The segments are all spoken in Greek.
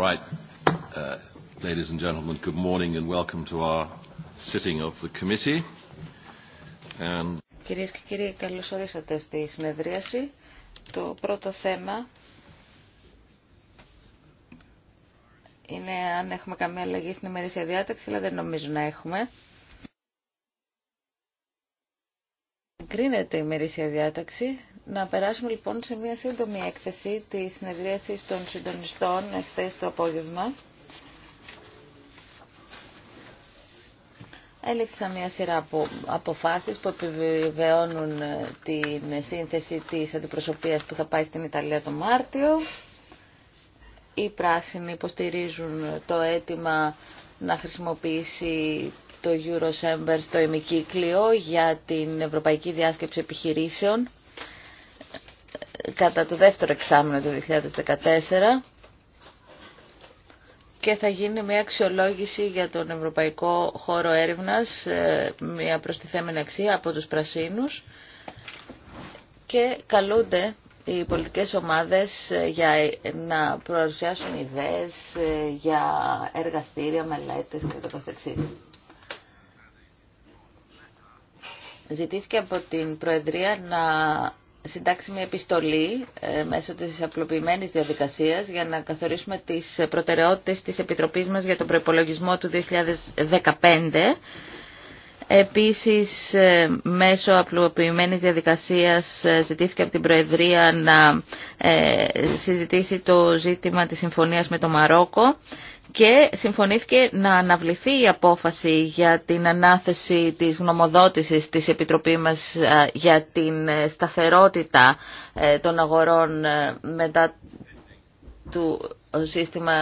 All Κυρίες και κύριοι, καλώς ορίσατε στη συνεδρίαση. Το πρώτο θέμα είναι αν έχουμε καμία αλλαγή στην ημερήσια διάταξη, αλλά δεν νομίζω να έχουμε. Κρίνεται η ημερήσια διάταξη. Να περάσουμε λοιπόν σε μια σύντομη έκθεση τη συνεδρίαση των συντονιστών εχθέ το απόγευμα. Έληξα μια σειρά από αποφάσεις που επιβεβαιώνουν ε, την σύνθεση της αντιπροσωπείας που θα πάει στην Ιταλία το Μάρτιο. Οι πράσινοι υποστηρίζουν ε, το αίτημα να χρησιμοποιήσει το Eurosember στο ημικύκλιο για την Ευρωπαϊκή Διάσκεψη Επιχειρήσεων κατά το δεύτερο εξάμεινο του 2014 και θα γίνει μια αξιολόγηση για τον Ευρωπαϊκό Χώρο Έρευνας, ε, μια προστιθέμενη αξία από τους Πρασίνους και καλούνται οι πολιτικές ομάδες ε, για ε, να προαρουσιάσουν ιδέες για εργαστήρια, μελέτες και το καθεξής. Ζητήθηκε από την Προεδρία να συντάξει μια επιστολή ε, μέσω της απλοποιημένης διαδικασίας για να καθορίσουμε τις προτεραιότητες της Επιτροπής μας για τον προϋπολογισμό του 2015. Επίσης, ε, μέσω απλοποιημένης διαδικασίας ε, ζητήθηκε από την Προεδρία να συζητήσει το ζήτημα της συμφωνίας με το Μαρόκο και συμφωνήθηκε να αναβληθεί η απόφαση για την ανάθεση της γνωμοδότησης της Επιτροπής μας ε, για την ε, σταθερότητα ε, των αγορών μετά του σύστημα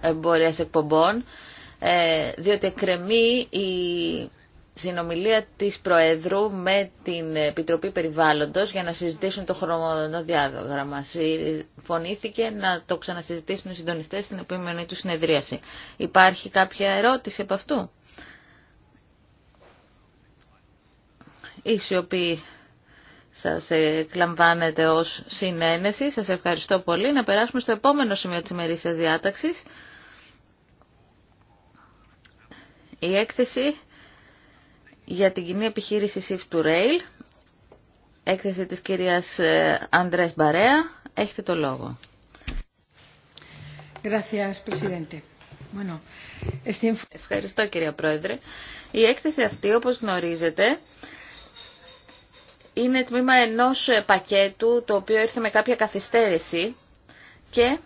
εμπορίας εκπομπών, διότι εκκρεμεί η συνομιλία της Προέδρου με την Επιτροπή Περιβάλλοντος για να συζητήσουν το χρονοδιάγραμμα. Συμφωνήθηκε να το ξανασυζητήσουν οι συντονιστές στην επόμενη του συνεδρίαση. Υπάρχει κάποια ερώτηση από αυτού? Η σιωπή σας εκλαμβάνετε ως συνένεση. Σας ευχαριστώ πολύ. Να περάσουμε στο επόμενο σημείο της ημερήσιας διάταξης. Η έκθεση για την κοινή επιχείρηση Shift to Rail, έκθεση της κυρίας ε, Αντρές Μπαρέα. Έχετε το λόγο. Ευχαριστώ κυρία Πρόεδρε. Η έκθεση αυτή, όπως γνωρίζετε, είναι τμήμα ενός ε, πακέτου το οποίο ήρθε με κάποια καθυστέρηση και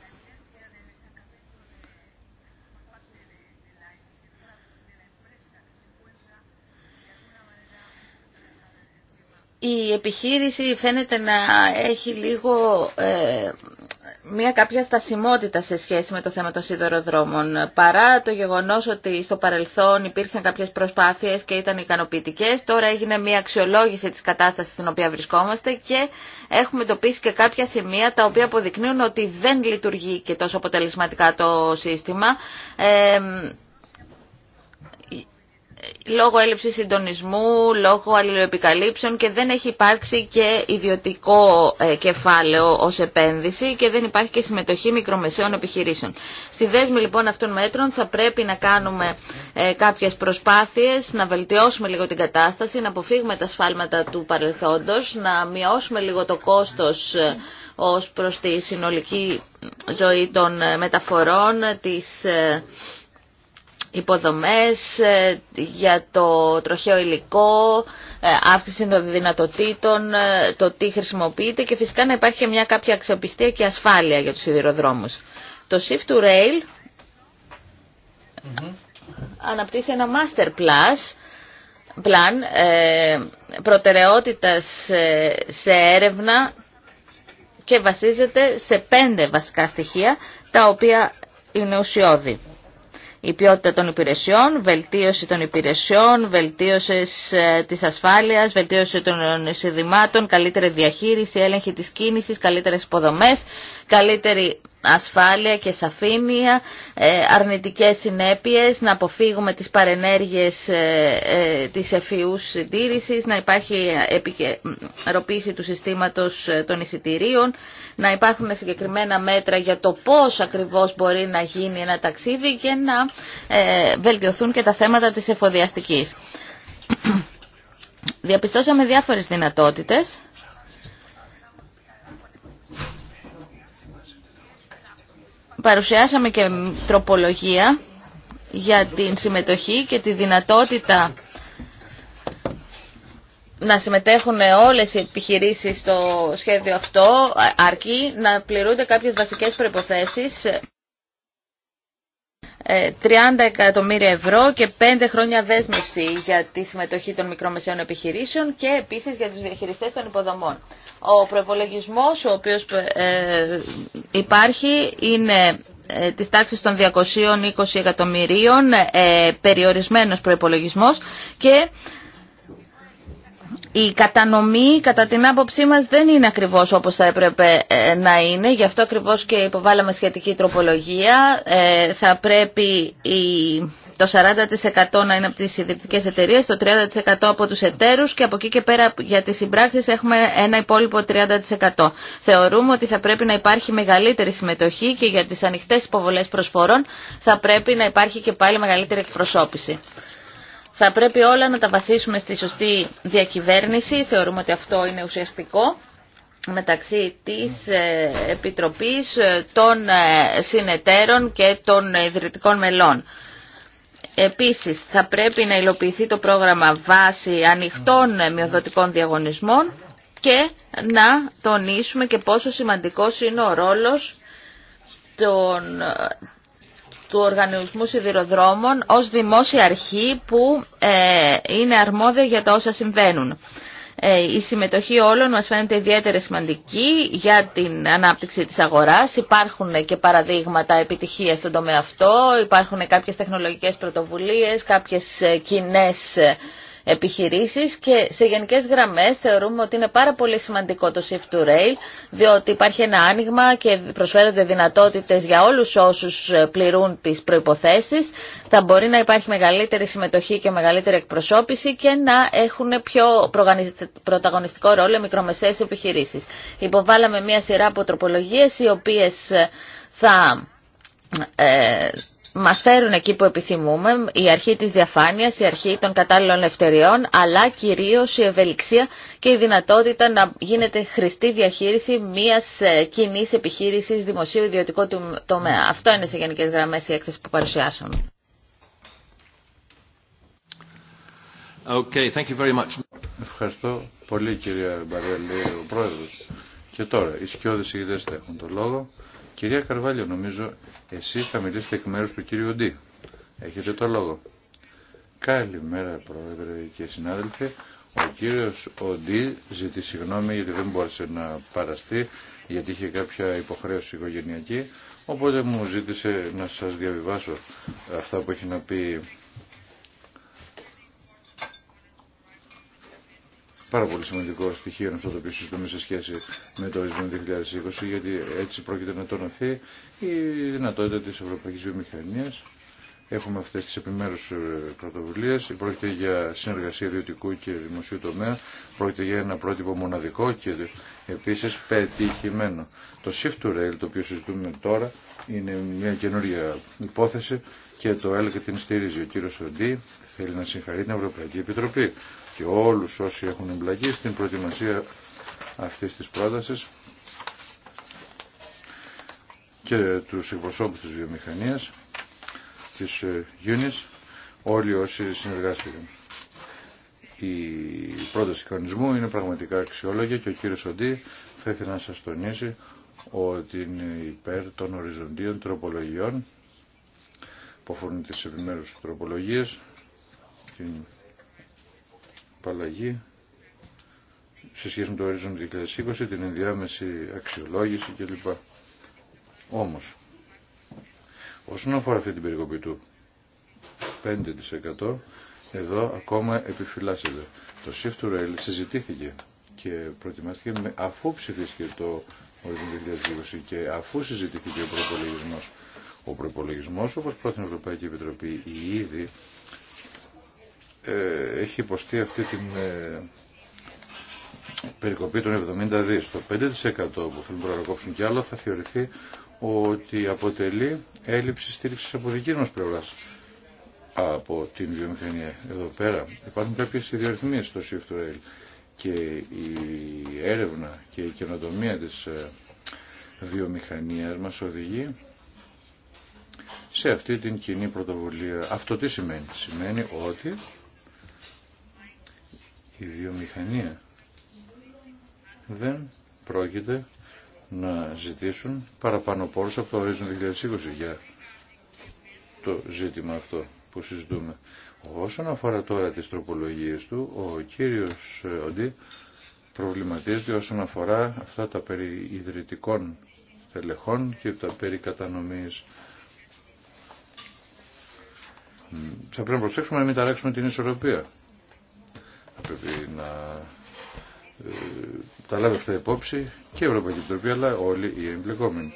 η επιχείρηση φαίνεται να έχει λίγο ε, μια κάποια στασιμότητα σε σχέση με το θέμα των σιδηροδρόμων. Παρά το γεγονός ότι στο παρελθόν υπήρξαν κάποιες προσπάθειες και ήταν ικανοποιητικές, τώρα έγινε μια αξιολόγηση της κατάστασης στην οποία βρισκόμαστε και έχουμε εντοπίσει και κάποια σημεία τα οποία αποδεικνύουν ότι δεν λειτουργεί και τόσο αποτελεσματικά το σύστημα. Ε, λόγω έλλειψη συντονισμού, λόγω αλληλοεπικαλύψεων και δεν έχει υπάρξει και ιδιωτικό ε, κεφάλαιο ω επένδυση και δεν υπάρχει και συμμετοχή μικρομεσαίων επιχειρήσεων. Στη δέσμη λοιπόν αυτών μέτρων θα πρέπει να κάνουμε ε, κάποιες προσπάθειες, να βελτιώσουμε λίγο την κατάσταση, να αποφύγουμε τα σφάλματα του παρελθόντο, να μειώσουμε λίγο το κόστος ε, ω προ τη συνολική ζωή των μεταφορών, της υποδομές, ε, για το τροχαίο υλικό, ε, αύξηση των δυνατοτήτων, ε, το τι χρησιμοποιείται και φυσικά να υπάρχει και μια κάποια αξιοπιστία και ασφάλεια για τους σιδηροδρόμους. Το Shift to Rail mm αναπτύσσει ένα master plus, plan ε, προτεραιότητας σε έρευνα και βασίζεται σε πέντε βασικά στοιχεία τα οποία είναι ουσιώδη η ποιότητα των υπηρεσιών, βελτίωση των υπηρεσιών, βελτίωση ε, της ασφάλειας, βελτίωση των εισιδημάτων, καλύτερη διαχείριση, έλεγχη της κίνησης, καλύτερες υποδομές, καλύτερη ασφάλεια και σαφήνεια, ε, αρνητικές συνέπειες, να αποφύγουμε τις παρενέργειες ε, ε, της εφιούς συντήρησης, να υπάρχει επικαιροποίηση του συστήματος των εισιτηρίων, να υπάρχουν συγκεκριμένα μέτρα για το πώς ακριβώς μπορεί να γίνει ένα ταξίδι και να βελτιωθούν και τα θέματα της εφοδιαστικής. Διαπιστώσαμε διάφορες δυνατότητες Παρουσιάσαμε και τροπολογία για την συμμετοχή και τη δυνατότητα να συμμετέχουν όλες οι επιχειρήσεις στο σχέδιο αυτό, αρκεί να πληρούνται κάποιες βασικές προϋποθέσεις. 30 ε, εκατομμύρια ευρώ και 5 χρόνια δέσμευση για τη συμμετοχή των μικρομεσαίων επιχειρήσεων και επίσης για τους διαχειριστές των υποδομών. Ο προπολογισμό ο οποίος ε, υπάρχει είναι ε, της τάξης των 220 εκατομμυρίων, περιορισμένος προϋπολογισμός και η κατανομή κατά την άποψή μας δεν είναι ακριβώς όπως θα έπρεπε ε, να είναι, γι' αυτό ακριβώς και υποβάλαμε σχετική τροπολογία. Ε, θα πρέπει η, το 40% να είναι από τις ιδρυτικές εταιρείες, το 30% από τους εταίρους και από εκεί και πέρα για τις συμπράξεις έχουμε ένα υπόλοιπο 30%. Θεωρούμε ότι θα πρέπει να υπάρχει μεγαλύτερη συμμετοχή και για τις ανοιχτές υποβολές προσφορών θα πρέπει να υπάρχει και πάλι μεγαλύτερη εκπροσώπηση. Θα πρέπει όλα να τα βασίσουμε στη σωστή διακυβέρνηση. Θεωρούμε ότι αυτό είναι ουσιαστικό μεταξύ της ε, Επιτροπής ε, των ε, Συνεταίρων και των Ιδρυτικών Μελών. Επίσης, θα πρέπει να υλοποιηθεί το πρόγραμμα βάση ανοιχτών μειοδοτικών διαγωνισμών και να τονίσουμε και πόσο σημαντικός είναι ο ρόλος των του Οργανισμού Σιδηροδρόμων ως δημόσια αρχή που ε, είναι αρμόδια για τα όσα συμβαίνουν. Ε, η συμμετοχή όλων μας φαίνεται ιδιαίτερα σημαντική για την ανάπτυξη της αγοράς. Υπάρχουν και παραδείγματα επιτυχίας στον τομέα αυτό, υπάρχουν κάποιες τεχνολογικές πρωτοβουλίες, κάποιες ε, κοινέ επιχειρήσεις και σε γενικές γραμμές θεωρούμε ότι είναι πάρα πολύ σημαντικό το Shift to Rail διότι υπάρχει ένα άνοιγμα και προσφέρονται δυνατότητες για όλους όσους ε, πληρούν τις προϋποθέσεις. Θα μπορεί να υπάρχει μεγαλύτερη συμμετοχή και μεγαλύτερη εκπροσώπηση και να έχουν πιο πρωταγωνιστικό ρόλο μικρομεσαίες επιχειρήσεις. Υποβάλαμε μια σειρά από τροπολογίες οι οποίες ε, θα ε, μας φέρουν εκεί που επιθυμούμε, η αρχή της διαφάνειας, η αρχή των κατάλληλων ευτεριών, αλλά κυρίως η ευελιξία και η δυνατότητα να γίνεται χρηστή διαχείριση μιας ε, κοινή επιχείρησης δημοσίου ιδιωτικού τομέα. Αυτό είναι σε γενικές γραμμές η έκθεση που παρουσιάσαμε. Okay, thank you very much. Ευχαριστώ πολύ κυρία Μπαρέλη, ο Πρόεδρος. Και τώρα, οι σκιώδεις ιδέες έχουν το λόγο. Κυρία Καρβάλιο, νομίζω εσείς θα μιλήσετε εκ μέρους του κύριου Ντί. Έχετε το λόγο. Καλημέρα πρόεδρε και συνάδελφοι. Ο κύριος Ντί ζητεί συγγνώμη γιατί δεν μπόρεσε να παραστεί γιατί είχε κάποια υποχρέωση οικογενειακή. Οπότε μου ζήτησε να σας διαβιβάσω αυτά που έχει να πει πάρα πολύ σημαντικό στοιχείο αυτό το οποίο συζητούμε σε σχέση με το Horizon 2020, γιατί έτσι πρόκειται να τονωθεί η δυνατότητα της ευρωπαϊκής βιομηχανίας. Έχουμε αυτές τις επιμέρους ε, πρωτοβουλίες, πρόκειται για συνεργασία ιδιωτικού και δημοσίου τομέα, πρόκειται για ένα πρότυπο μοναδικό και επίσης πετυχημένο. Το Shift to Rail, το οποίο συζητούμε τώρα, είναι μια καινούργια υπόθεση και το ΕΛΚ την στηρίζει. Ο κύριο Οντή θέλει να συγχαρεί την Ευρωπαϊκή Επιτροπή και όλους όσοι έχουν εμπλακεί στην προετοιμασία αυτής της πρότασης και τους εκπροσώπους της βιομηχανίας της Γιούνης ε, όλοι όσοι συνεργάστηκαν. Η πρόταση κανονισμού είναι πραγματικά αξιόλογη και ο κύριος Σοντή θα ήθελα να σας τονίσει ότι είναι υπέρ των οριζοντίων τροπολογιών που αφορούν τις επιμέρους τροπολογίες την απαλλαγή σε σχέση με το Horizon 2020, την ενδιάμεση αξιολόγηση κλπ. Όμως, όσον αφορά αυτή την περικοπή του 5% εδώ ακόμα επιφυλάσσεται. Το shift to rail συζητήθηκε και προετοιμάστηκε με, αφού ψηφίστηκε το Horizon 2020 και αφού συζητήθηκε ο προπολογισμό. Ο προπολογισμό, όπως πρότεινε η Ευρωπαϊκή Επιτροπή, ήδη ε, έχει υποστεί αυτή την ε, περικοπή των 70 δις. Το 5% που θέλουν να προκόψουν και άλλο θα θεωρηθεί ότι αποτελεί έλλειψη στήριξης από δική μας πλευρά από την βιομηχανία. Εδώ πέρα υπάρχουν κάποιες ιδιορυθμίες στο Shift Rail και η έρευνα και η καινοτομία της ε, βιομηχανίας μας οδηγεί σε αυτή την κοινή πρωτοβουλία. Αυτό τι σημαίνει. Σημαίνει ότι η βιομηχανία δεν πρόκειται να ζητήσουν παραπάνω πόρους από το ορίζον 2020 για το ζήτημα αυτό που συζητούμε. Όσον αφορά τώρα τις τροπολογίες του, ο κύριος Οντή προβληματίζεται όσον αφορά αυτά τα περί ιδρυτικών τελεχών και τα περί κατανομής. Θα πρέπει να προσέξουμε να μην ταράξουμε την ισορροπία πρέπει να ε, τα λάβει αυτά υπόψη και η Ευρωπαϊκή Επιτροπή αλλά όλοι οι εμπλεκόμενοι.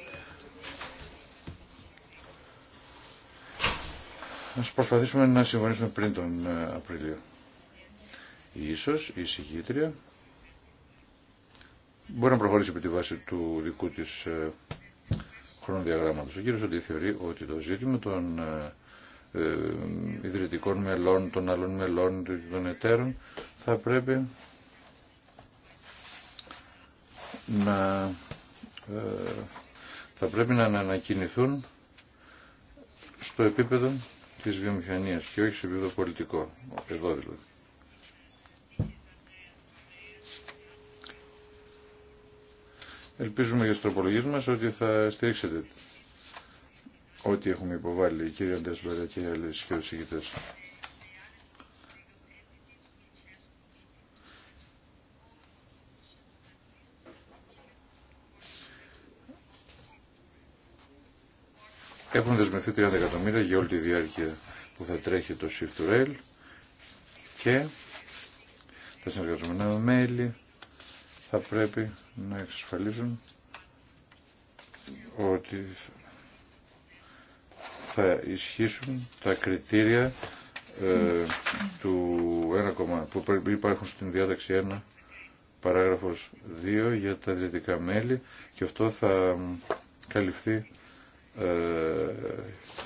Α προσπαθήσουμε να συμφωνήσουμε πριν τον ε, Απριλίο. Ίσως η συγκήτρια μπορεί να προχωρήσει επί τη βάση του δικού της ε, χρονοδιαγράμματος. Ο κύριος ότι θεωρεί ότι το ζήτημα των ε, ιδρυτικών μελών, των άλλων μελών, των εταίρων, θα πρέπει να, ε, θα πρέπει να ανακοινηθούν στο επίπεδο της βιομηχανίας και όχι σε επίπεδο πολιτικό, εδώ δηλαδή. Ελπίζουμε για τις τροπολογίες μας ότι θα στηρίξετε ό,τι έχουμε υποβάλει, κύριε Αντρές και οι άλλες και Έχουν δεσμευθεί 30 εκατομμύρια για όλη τη διάρκεια που θα τρέχει το Shift Rail και τα συνεργαζόμενα μέλη θα πρέπει να εξασφαλίζουν ότι θα ισχύσουν τα κριτήρια ε, του 1, που υπάρχουν στην διάταξη 1 παράγραφος 2 για τα δυτικά μέλη και αυτό θα καλυφθεί ε,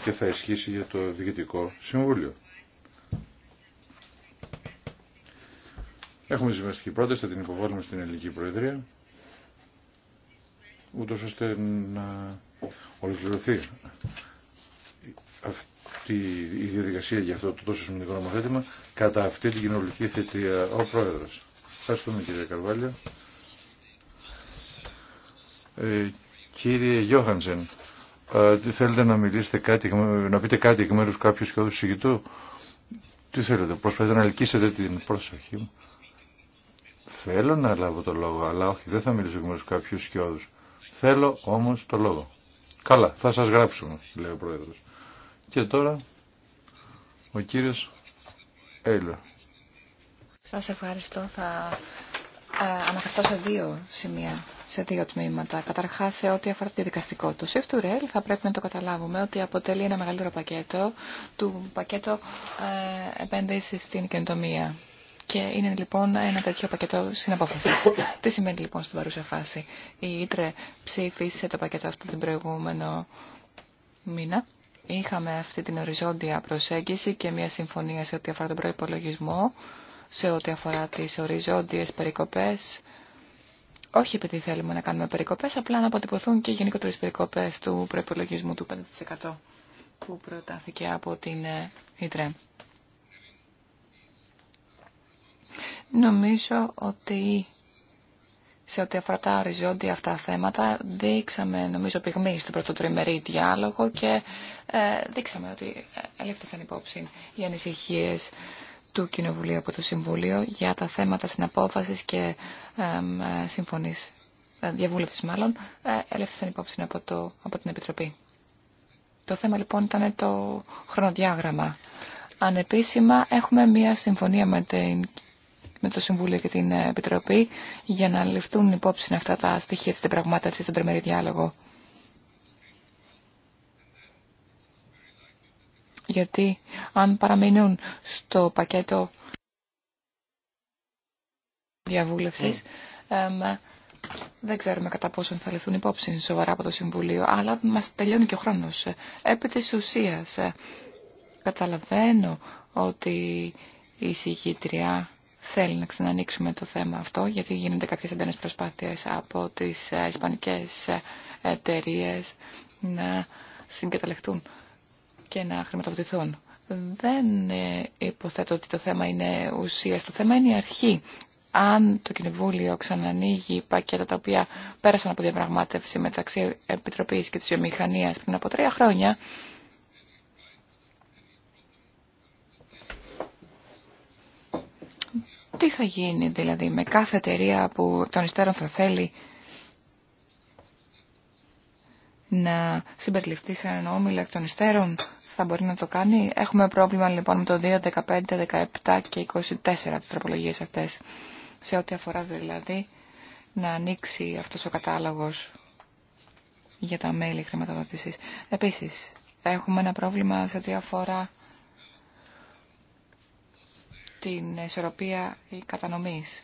και θα ισχύσει για το Διοικητικό Συμβούλιο. Έχουμε συμβαστική πρόταση, θα την υποβάλουμε στην Ελληνική Προεδρία, ούτω ώστε να ολοκληρωθεί αυτή η διαδικασία για αυτό το τόσο σημαντικό νομοθέτημα κατά αυτή την κοινοβουλική θετία ο Πρόεδρος. Ευχαριστούμε κύριε Καρβάλια. Ε, κύριε Γιώχαντζεν ε, θέλετε να μιλήσετε κάτι, να πείτε κάτι εκ μέρους κάποιου σχεδόν συγκητού. Τι θέλετε, προσπαθείτε να ελκύσετε την προσοχή μου. Θέλω να λάβω το λόγο, αλλά όχι, δεν θα μιλήσω εκ μέρους κάποιου σκιώδους. Θέλω όμως το λόγο. Καλά, θα σας γράψουμε, λέει ο Πρόεδρος. Και τώρα ο κύριος Έλλα. Σας ευχαριστώ. Θα ε, αναφερθώ σε δύο σημεία, σε δύο τμήματα. Καταρχάς σε ό,τι αφορά το δικαστικό. του Σε θα πρέπει να το καταλάβουμε ότι αποτελεί ένα μεγαλύτερο πακέτο του πακέτο ε, επένδυση στην καινοτομία. Και είναι λοιπόν ένα τέτοιο πακέτο συναπόφαση. Τι σημαίνει λοιπόν στην παρούσα φάση. Η Ήτρε ψήφισε το πακέτο αυτό την προηγούμενο μήνα είχαμε αυτή την οριζόντια προσέγγιση και μια συμφωνία σε ό,τι αφορά τον προϋπολογισμό, σε ό,τι αφορά τις οριζόντιες περικοπές. Όχι επειδή θέλουμε να κάνουμε περικοπές, απλά να αποτυπωθούν και οι γενικότερες περικοπές του προϋπολογισμού του 5% που προτάθηκε από την ΙΤΡΕ. Ε, Νομίζω ότι σε ό,τι αφορά τα οριζόντια αυτά θέματα, δείξαμε νομίζω πυγμή στο πρώτο τριμερή διάλογο και ε, δείξαμε ότι ε, ελέφθησαν υπόψη οι ανησυχίε του Κοινοβουλίου από το Συμβούλιο για τα θέματα συναπόφασης και ε, συμφωνής ε, διαβούλευσης μάλλον, έλεφθησαν υπόψη από, το, από την Επιτροπή. Το θέμα λοιπόν ήταν το χρονοδιάγραμμα. Ανεπίσημα έχουμε μία συμφωνία με την με το Συμβούλιο και την ε, Επιτροπή για να ληφθούν υπόψη αυτά τα στοιχεία της πραγματεύση, στον τρομερή διάλογο. Γιατί αν παραμείνουν στο πακέτο διαβούλευσης, ναι. εμ, δεν ξέρουμε κατά πόσον θα ληφθούν υπόψη σοβαρά από το Συμβουλίο, αλλά μας τελειώνει και ο χρόνος. Επί της ουσίας, ε, καταλαβαίνω ότι η συγκήτρια θέλει να ξανανοίξουμε το θέμα αυτό, γιατί γίνονται κάποιες έντονες προσπάθειες από τις ε, ισπανικές ε, εταιρείε να συγκαταλεχτούν και να χρηματοδοτηθούν. Δεν ε, υποθέτω ότι το θέμα είναι ουσία. Το θέμα είναι η αρχή. Αν το Κοινοβούλιο ξανανοίγει πακέτα τα οποία πέρασαν από διαπραγμάτευση μεταξύ Επιτροπής και της Βιομηχανίας πριν από τρία χρόνια, Τι θα γίνει δηλαδή με κάθε εταιρεία που τον υστέρων θα θέλει να συμπεριληφθεί σε έναν όμιλο εκ των υστέρων, θα μπορεί να το κάνει. Έχουμε πρόβλημα λοιπόν με το 2, 15, 17 και 24 τις τροπολογίες αυτές, σε ό,τι αφορά δηλαδή να ανοίξει αυτός ο κατάλογος για τα μέλη χρηματοδότησης. Επίσης, έχουμε ένα πρόβλημα σε ό,τι αφορά την ισορροπία κατανομής.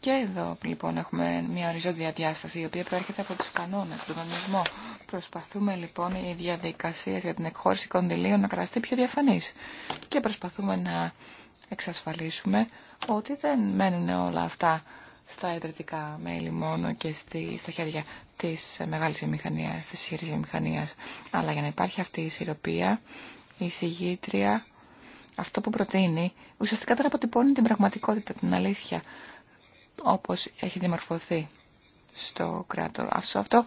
Και εδώ λοιπόν έχουμε μια οριζόντια διάσταση η οποία προέρχεται από τους κανόνες, τον κανονισμό. Προσπαθούμε λοιπόν οι διαδικασίες για την εκχώρηση κονδυλίων να καταστεί πιο διαφανής. Και προσπαθούμε να εξασφαλίσουμε ότι δεν μένουν όλα αυτά στα ιδρυτικά μέλη μόνο και στη, στα χέρια της μεγάλης βιομηχανίας, της ισχυρής βιομηχανίας. Αλλά για να υπάρχει αυτή η ισορροπία, η συγγήτρια αυτό που προτείνει ουσιαστικά δεν αποτυπώνει την πραγματικότητα, την αλήθεια, όπως έχει διαμορφωθεί στο κράτο. Αυτό, αυτό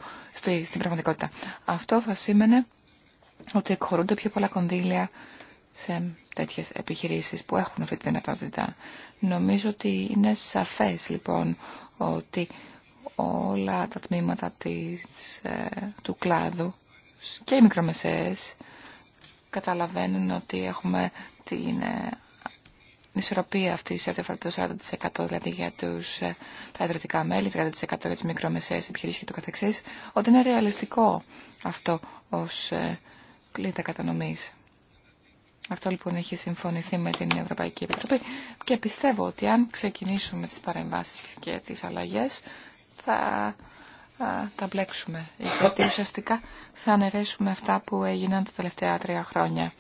στην πραγματικότητα. Αυτό θα σήμαινε ότι εκχωρούνται πιο πολλά κονδύλια σε τέτοιες επιχειρήσεις που έχουν αυτή τη δυνατότητα. Νομίζω ότι είναι σαφές λοιπόν ότι όλα τα τμήματα της, ε, του κλάδου και οι μικρομεσαίες καταλαβαίνουν ότι έχουμε την ε, ισορροπία αυτή σε αυτό 40% δηλαδή για τους, ε, τα ιδρυτικά μέλη, 30% για τις μικρομεσαίες επιχειρήσεις και το καθεξής, ότι είναι ρεαλιστικό αυτό ως ε, κλίδα κατανομής. Αυτό λοιπόν έχει συμφωνηθεί με την Ευρωπαϊκή Επιτροπή και πιστεύω ότι αν ξεκινήσουμε τις παρεμβάσεις και τις αλλαγές θα τα μπλέξουμε. Γιατί ουσιαστικά θα αναιρέσουμε αυτά που έγιναν τα τελευταία τρία χρόνια.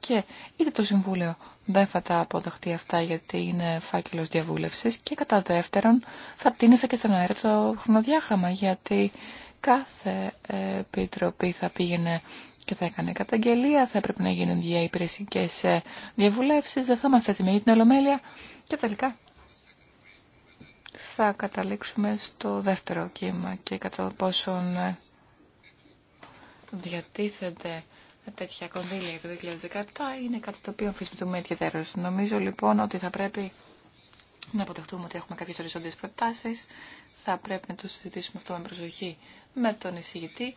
Και είτε το Συμβούλιο δεν θα τα αποδεχτεί αυτά γιατί είναι φάκελος διαβούλευσης και κατά δεύτερον θα τίνεσαι και στον αέρα το χρονοδιάγραμμα γιατί κάθε επιτροπή θα πήγαινε και θα έκανε καταγγελία, θα έπρεπε να γίνουν διαπηρεσικές διαβουλεύσεις, δεν θα είμαστε έτοιμοι για την Ολομέλεια και τελικά θα καταλήξουμε στο δεύτερο κύμα και κατά πόσον ε, διατίθεται τέτοια κονδύλια το 2017 είναι κάτι το οποίο αμφισβητούμε ιδιαίτερω. Νομίζω λοιπόν ότι θα πρέπει να αποτεχτούμε ότι έχουμε κάποιες οριζόντιες προτάσεις, θα πρέπει να το συζητήσουμε αυτό με προσοχή με τον εισηγητή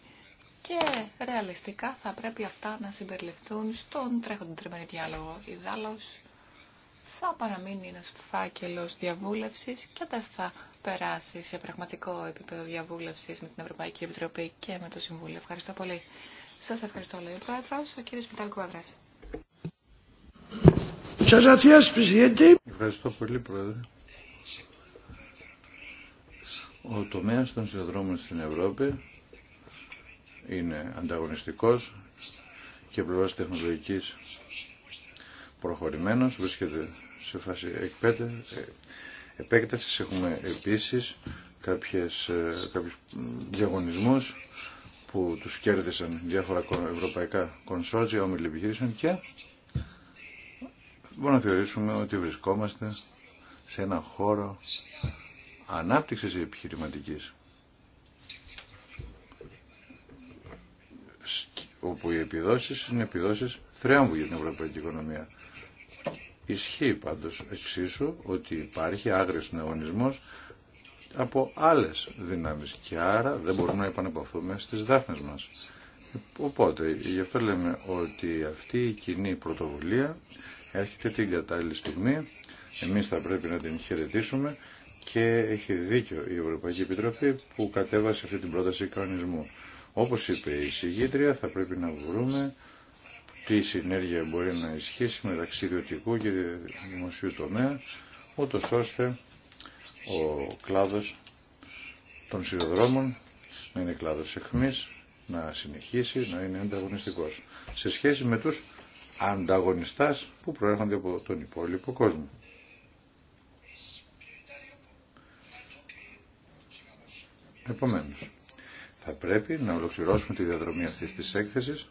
και ρεαλιστικά θα πρέπει αυτά να συμπεριληφθούν στον τρέχοντα τριμμένη διάλογο. Ιδάλλως θα παραμείνει ένας φάκελος διαβούλευσης και δεν θα περάσει σε πραγματικό επίπεδο διαβούλευσης με την Ευρωπαϊκή Επιτροπή και με το Συμβούλιο. Ευχαριστώ πολύ. Σας ευχαριστώ, λέει ο Πρόεδρος, ο κύριος Μιτάλ Κουαδράς. Ευχαριστώ πολύ, Πρόεδρε. Ο τομέας των σιδηροδρόμων στην Ευρώπη είναι ανταγωνιστικός και πλευράς τεχνολογικής προχωρημένος, βρίσκεται σε φάση επέκτασης. Έχουμε επίσης κάποιες, διαγωνισμού ε, διαγωνισμούς που τους κέρδισαν διάφορα ευρωπαϊκά κονσόρτσια, όμιλοι επιχειρήσεων και μπορούμε να θεωρήσουμε ότι βρισκόμαστε σε ένα χώρο ανάπτυξης επιχειρηματικής όπου οι επιδόσεις είναι επιδόσεις θρέμβου για την ευρωπαϊκή οικονομία. Ισχύει πάντως εξίσου ότι υπάρχει άγριος νεονισμός από άλλες δυνάμεις και άρα δεν μπορούμε να επανεπαφθούμε στις δάφνες μας. Οπότε, γι' αυτό λέμε ότι αυτή η κοινή πρωτοβουλία έρχεται την κατάλληλη στιγμή, εμείς θα πρέπει να την χαιρετήσουμε και έχει δίκιο η Ευρωπαϊκή Επιτροπή που κατέβασε αυτή την πρόταση κανονισμού. Όπως είπε η συγγήτρια, θα πρέπει να βρούμε τι συνέργεια μπορεί να ισχύσει μεταξύ ιδιωτικού και δημοσίου τομέα, ούτω ώστε ο κλάδος των σιδηροδρόμων να είναι κλάδος εχμής, να συνεχίσει να είναι ανταγωνιστικό σε σχέση με τους ανταγωνιστέ που προέρχονται από τον υπόλοιπο κόσμο. Επομένως, θα πρέπει να ολοκληρώσουμε τη διαδρομή αυτής της έκθεσης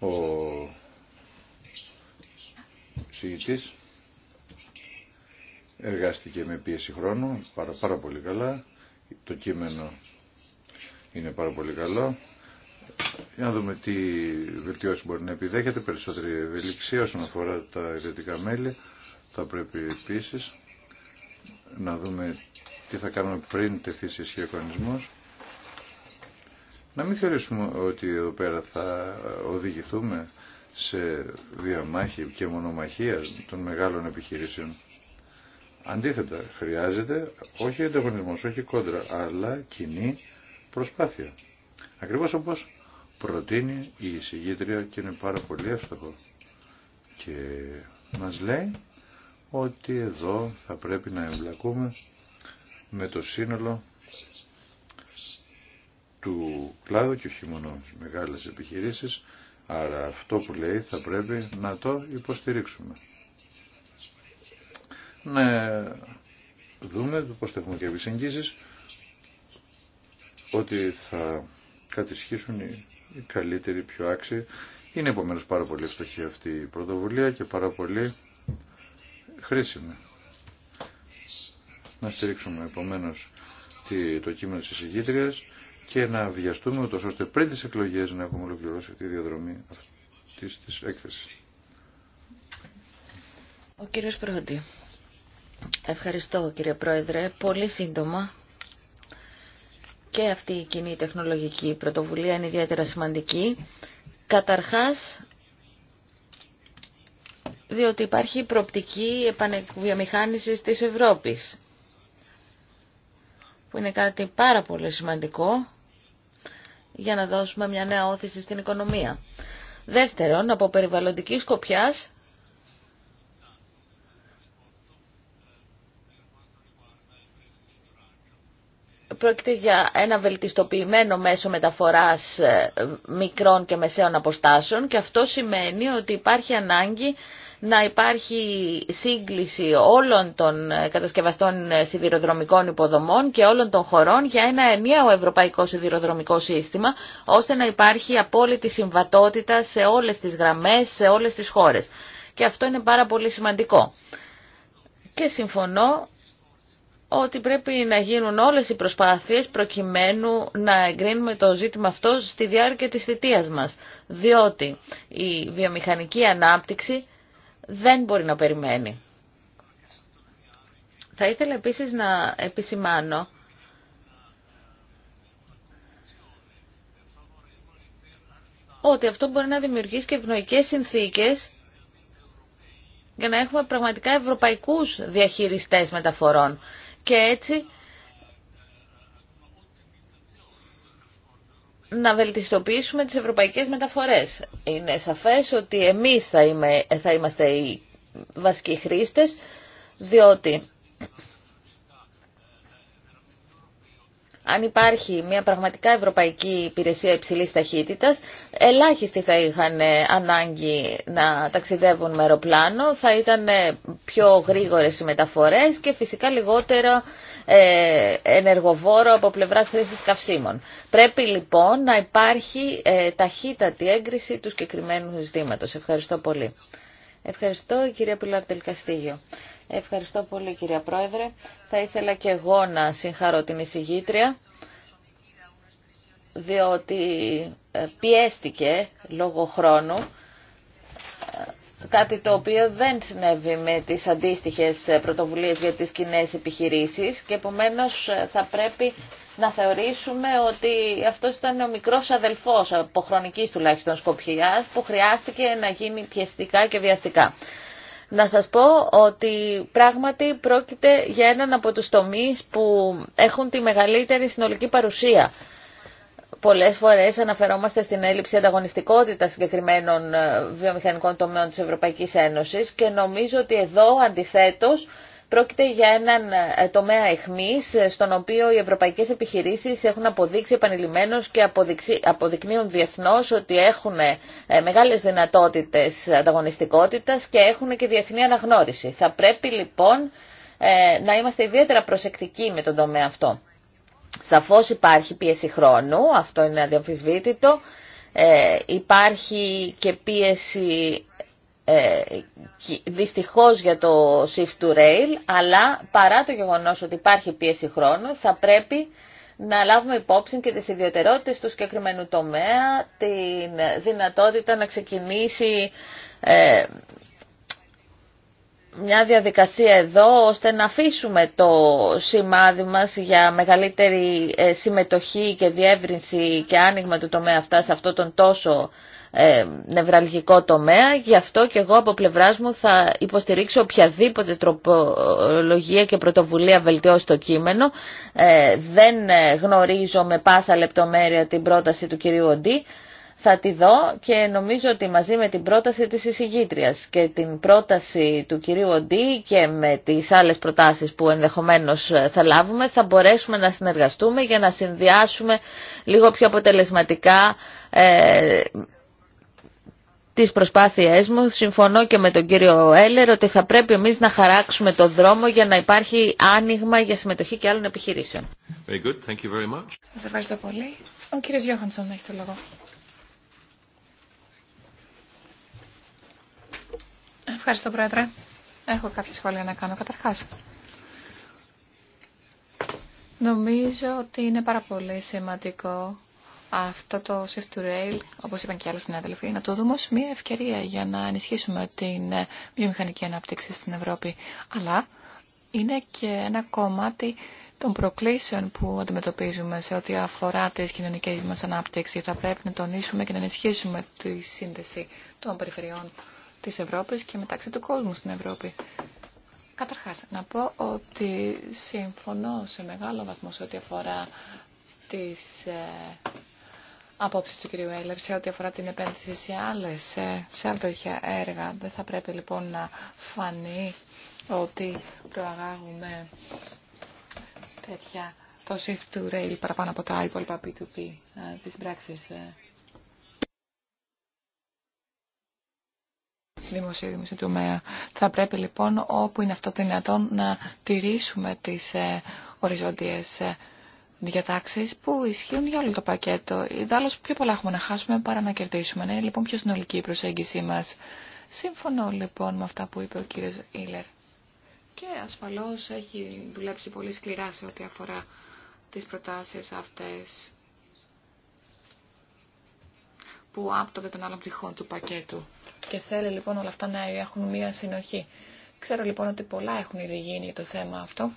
Ο συγητής εργάστηκε με πίεση χρόνου, πάρα, πολύ καλά. Το κείμενο είναι πάρα πολύ καλό. Για να δούμε τι βελτιώσει μπορεί να επιδέχεται, περισσότερη ευελιξία όσον αφορά τα ιδιωτικά μέλη. Θα πρέπει επίσης να δούμε τι θα κάνουμε πριν τεθεί σε ισχύ να μην θεωρήσουμε ότι εδώ πέρα θα οδηγηθούμε σε διαμάχη και μονομαχία των μεγάλων επιχειρήσεων. Αντίθετα, χρειάζεται όχι ανταγωνισμός, όχι κόντρα, αλλά κοινή προσπάθεια. Ακριβώς όπως προτείνει η εισηγήτρια και είναι πάρα πολύ εύστοχο. Και μας λέει ότι εδώ θα πρέπει να εμπλακούμε με το σύνολο του κλάδου και όχι μόνο μεγάλες επιχειρήσεις, άρα αυτό που λέει θα πρέπει να το υποστηρίξουμε. Να δούμε πώς θα έχουμε και επισεγγίσεις, ότι θα κατησχίσουν οι καλύτεροι, πιο άξιοι. Είναι επομένως πάρα πολύ φτωχή αυτή η πρωτοβουλία και πάρα πολύ χρήσιμη. Να στηρίξουμε επομένως το κείμενο της εισηγήτριας και να βιαστούμε ούτως ώστε πριν τις εκλογές να έχουμε ολοκληρώσει τη διαδρομή της της έκθεσης. Ο κύριος Πρόντι. Ευχαριστώ κύριε Πρόεδρε. Πολύ σύντομα. Και αυτή η κοινή τεχνολογική πρωτοβουλία είναι ιδιαίτερα σημαντική. Καταρχάς, διότι υπάρχει προπτική επανεκβιομηχάνησης της Ευρώπης, που είναι κάτι πάρα πολύ σημαντικό για να δώσουμε μια νέα όθηση στην οικονομία. Δεύτερον, από περιβαλλοντική σκοπιάς, πρόκειται για ένα βελτιστοποιημένο μέσο μεταφοράς ε, μικρών και μεσαίων αποστάσεων και αυτό σημαίνει ότι υπάρχει ανάγκη να υπάρχει σύγκληση όλων των κατασκευαστών σιδηροδρομικών υποδομών και όλων των χωρών για ένα ενιαίο ευρωπαϊκό σιδηροδρομικό σύστημα, ώστε να υπάρχει απόλυτη συμβατότητα σε όλες τις γραμμές, σε όλες τις χώρες. Και αυτό είναι πάρα πολύ σημαντικό. Και συμφωνώ ότι πρέπει να γίνουν όλες οι προσπάθειες προκειμένου να εγκρίνουμε το ζήτημα αυτό στη διάρκεια της θητείας μας, διότι η βιομηχανική ανάπτυξη δεν μπορεί να περιμένει. Θα ήθελα επίσης να επισημάνω ότι αυτό μπορεί να δημιουργήσει και ευνοϊκές συνθήκες για να έχουμε πραγματικά ευρωπαϊκούς διαχειριστές μεταφορών. Και έτσι να βελτιστοποιήσουμε τις ευρωπαϊκές μεταφορές. Είναι σαφές ότι εμείς θα, θα είμαστε οι βασικοί χρήστες, διότι αν υπάρχει μια πραγματικά ευρωπαϊκή υπηρεσία υψηλής ταχύτητας, ελάχιστοι θα είχαν ε, ανάγκη να ταξιδεύουν με αεροπλάνο, θα ήταν ε, πιο γρήγορες οι μεταφορές και φυσικά λιγότερα. Ε, ενεργοβόρο από πλευράς χρήσης καυσίμων. Πρέπει λοιπόν να υπάρχει ε, ταχύτατη έγκριση του συγκεκριμένου ζητήματος. Ευχαριστώ πολύ. Ευχαριστώ κυρία Πιλάρ Ευχαριστώ πολύ κυρία Πρόεδρε. Θα ήθελα και εγώ να συγχαρώ την εισηγήτρια διότι ε, πιέστηκε λόγω χρόνου κάτι το οποίο δεν συνέβη με τις αντίστοιχες πρωτοβουλίες για τις κοινέ επιχειρήσεις και επομένως ε, θα πρέπει να θεωρήσουμε ότι αυτός ήταν ο μικρός αδελφός από χρονικής τουλάχιστον σκοπιάς που χρειάστηκε να γίνει πιεστικά και βιαστικά. Να σας πω ότι πράγματι πρόκειται για έναν από τους τομείς που έχουν τη μεγαλύτερη συνολική παρουσία Πολλές φορές αναφερόμαστε στην έλλειψη ανταγωνιστικότητα συγκεκριμένων ε, βιομηχανικών τομέων της Ευρωπαϊκής Ένωσης και νομίζω ότι εδώ αντιθέτως Πρόκειται για έναν ε, τομέα εχμής, ε, στον οποίο οι ευρωπαϊκές επιχειρήσεις έχουν αποδείξει επανειλημμένως και αποδεικνύουν διεθνώς ότι έχουν μεγάλες δυνατότητες ανταγωνιστικότητας και έχουν και διεθνή αναγνώριση. Θα πρέπει λοιπόν να είμαστε ιδιαίτερα προσεκτικοί με τον τομέα αυτό. Σαφώς υπάρχει πίεση χρόνου, αυτό είναι αδιαμφισβήτητο. Ε, υπάρχει και πίεση ε, δυστυχώς για το shift to rail, αλλά παρά το γεγονός ότι υπάρχει πίεση χρόνου, θα πρέπει να λάβουμε υπόψη και τις ιδιαιτερότητες του συγκεκριμένου τομέα, την δυνατότητα να ξεκινήσει ε, μια διαδικασία εδώ ώστε να αφήσουμε το σημάδι μας για μεγαλύτερη ε, συμμετοχή και διεύρυνση και άνοιγμα του τομέα αυτά σε αυτό τον τόσο ε, νευραλγικό τομέα. Γι' αυτό και εγώ από πλευρά μου θα υποστηρίξω οποιαδήποτε τροπολογία και πρωτοβουλία βελτιώσει το κείμενο. Ε, δεν γνωρίζω με πάσα λεπτομέρεια την πρόταση του κυρίου Οντή θα τη δω και νομίζω ότι μαζί με την πρόταση της εισηγήτριας και την πρόταση του κυρίου Οντή και με τις άλλες προτάσεις που ενδεχομένως θα λάβουμε θα μπορέσουμε να συνεργαστούμε για να συνδυάσουμε λίγο πιο αποτελεσματικά ε, τις προσπάθειές μου. Συμφωνώ και με τον κύριο Έλερ ότι θα πρέπει εμείς να χαράξουμε το δρόμο για να υπάρχει άνοιγμα για συμμετοχή και άλλων επιχειρήσεων. Very Σας ευχαριστώ πολύ. Ο κύριος Γιώχανσον έχει το λόγο. Ευχαριστώ, Πρόεδρε. Έχω κάποια σχόλια να κάνω καταρχά. Νομίζω ότι είναι πάρα πολύ σημαντικό αυτό το shift to rail, όπως είπαν και άλλοι συνάδελφοι, να το δούμε ως μια ευκαιρία για να ενισχύσουμε την βιομηχανική ανάπτυξη στην Ευρώπη. Αλλά είναι και ένα κομμάτι των προκλήσεων που αντιμετωπίζουμε σε ό,τι αφορά τις κοινωνικές μας ανάπτυξη. Θα πρέπει να τονίσουμε και να ενισχύσουμε τη σύνδεση των περιφερειών της Ευρώπης και μεταξύ του κόσμου στην Ευρώπη. Καταρχάς, να πω ότι συμφωνώ σε μεγάλο βαθμό σε ό,τι αφορά τις ε, απόψεις του κ. Έλερ σε ό,τι αφορά την επένδυση σε, άλλες, ε, σε άλλα τέτοια έργα. Δεν θα πρέπει λοιπόν να φανεί ότι προαγάγουμε τέτοια το shift to rail παραπάνω από τα υπόλοιπα P2P ε, της πράξης δημοσίου-δημοσίου τομέα. Θα πρέπει λοιπόν όπου είναι αυτό δυνατόν να τηρήσουμε τις ε, οριζόντιες ε, διατάξεις που ισχύουν για όλο το πακέτο. Ιδάλλως πιο πολλά έχουμε να χάσουμε παρά να κερδίσουμε. είναι λοιπόν πιο συνολική η προσέγγιση μας. Σύμφωνο λοιπόν με αυτά που είπε ο κύριος Ήλερ. Και ασφαλώς έχει δουλέψει πολύ σκληρά σε ό,τι αφορά τις προτάσεις αυτές που άπτονται των άλλων πτυχών του πακέτου και θέλει λοιπόν όλα αυτά να έχουν μία συνοχή. Ξέρω λοιπόν ότι πολλά έχουν ήδη γίνει για το θέμα αυτό.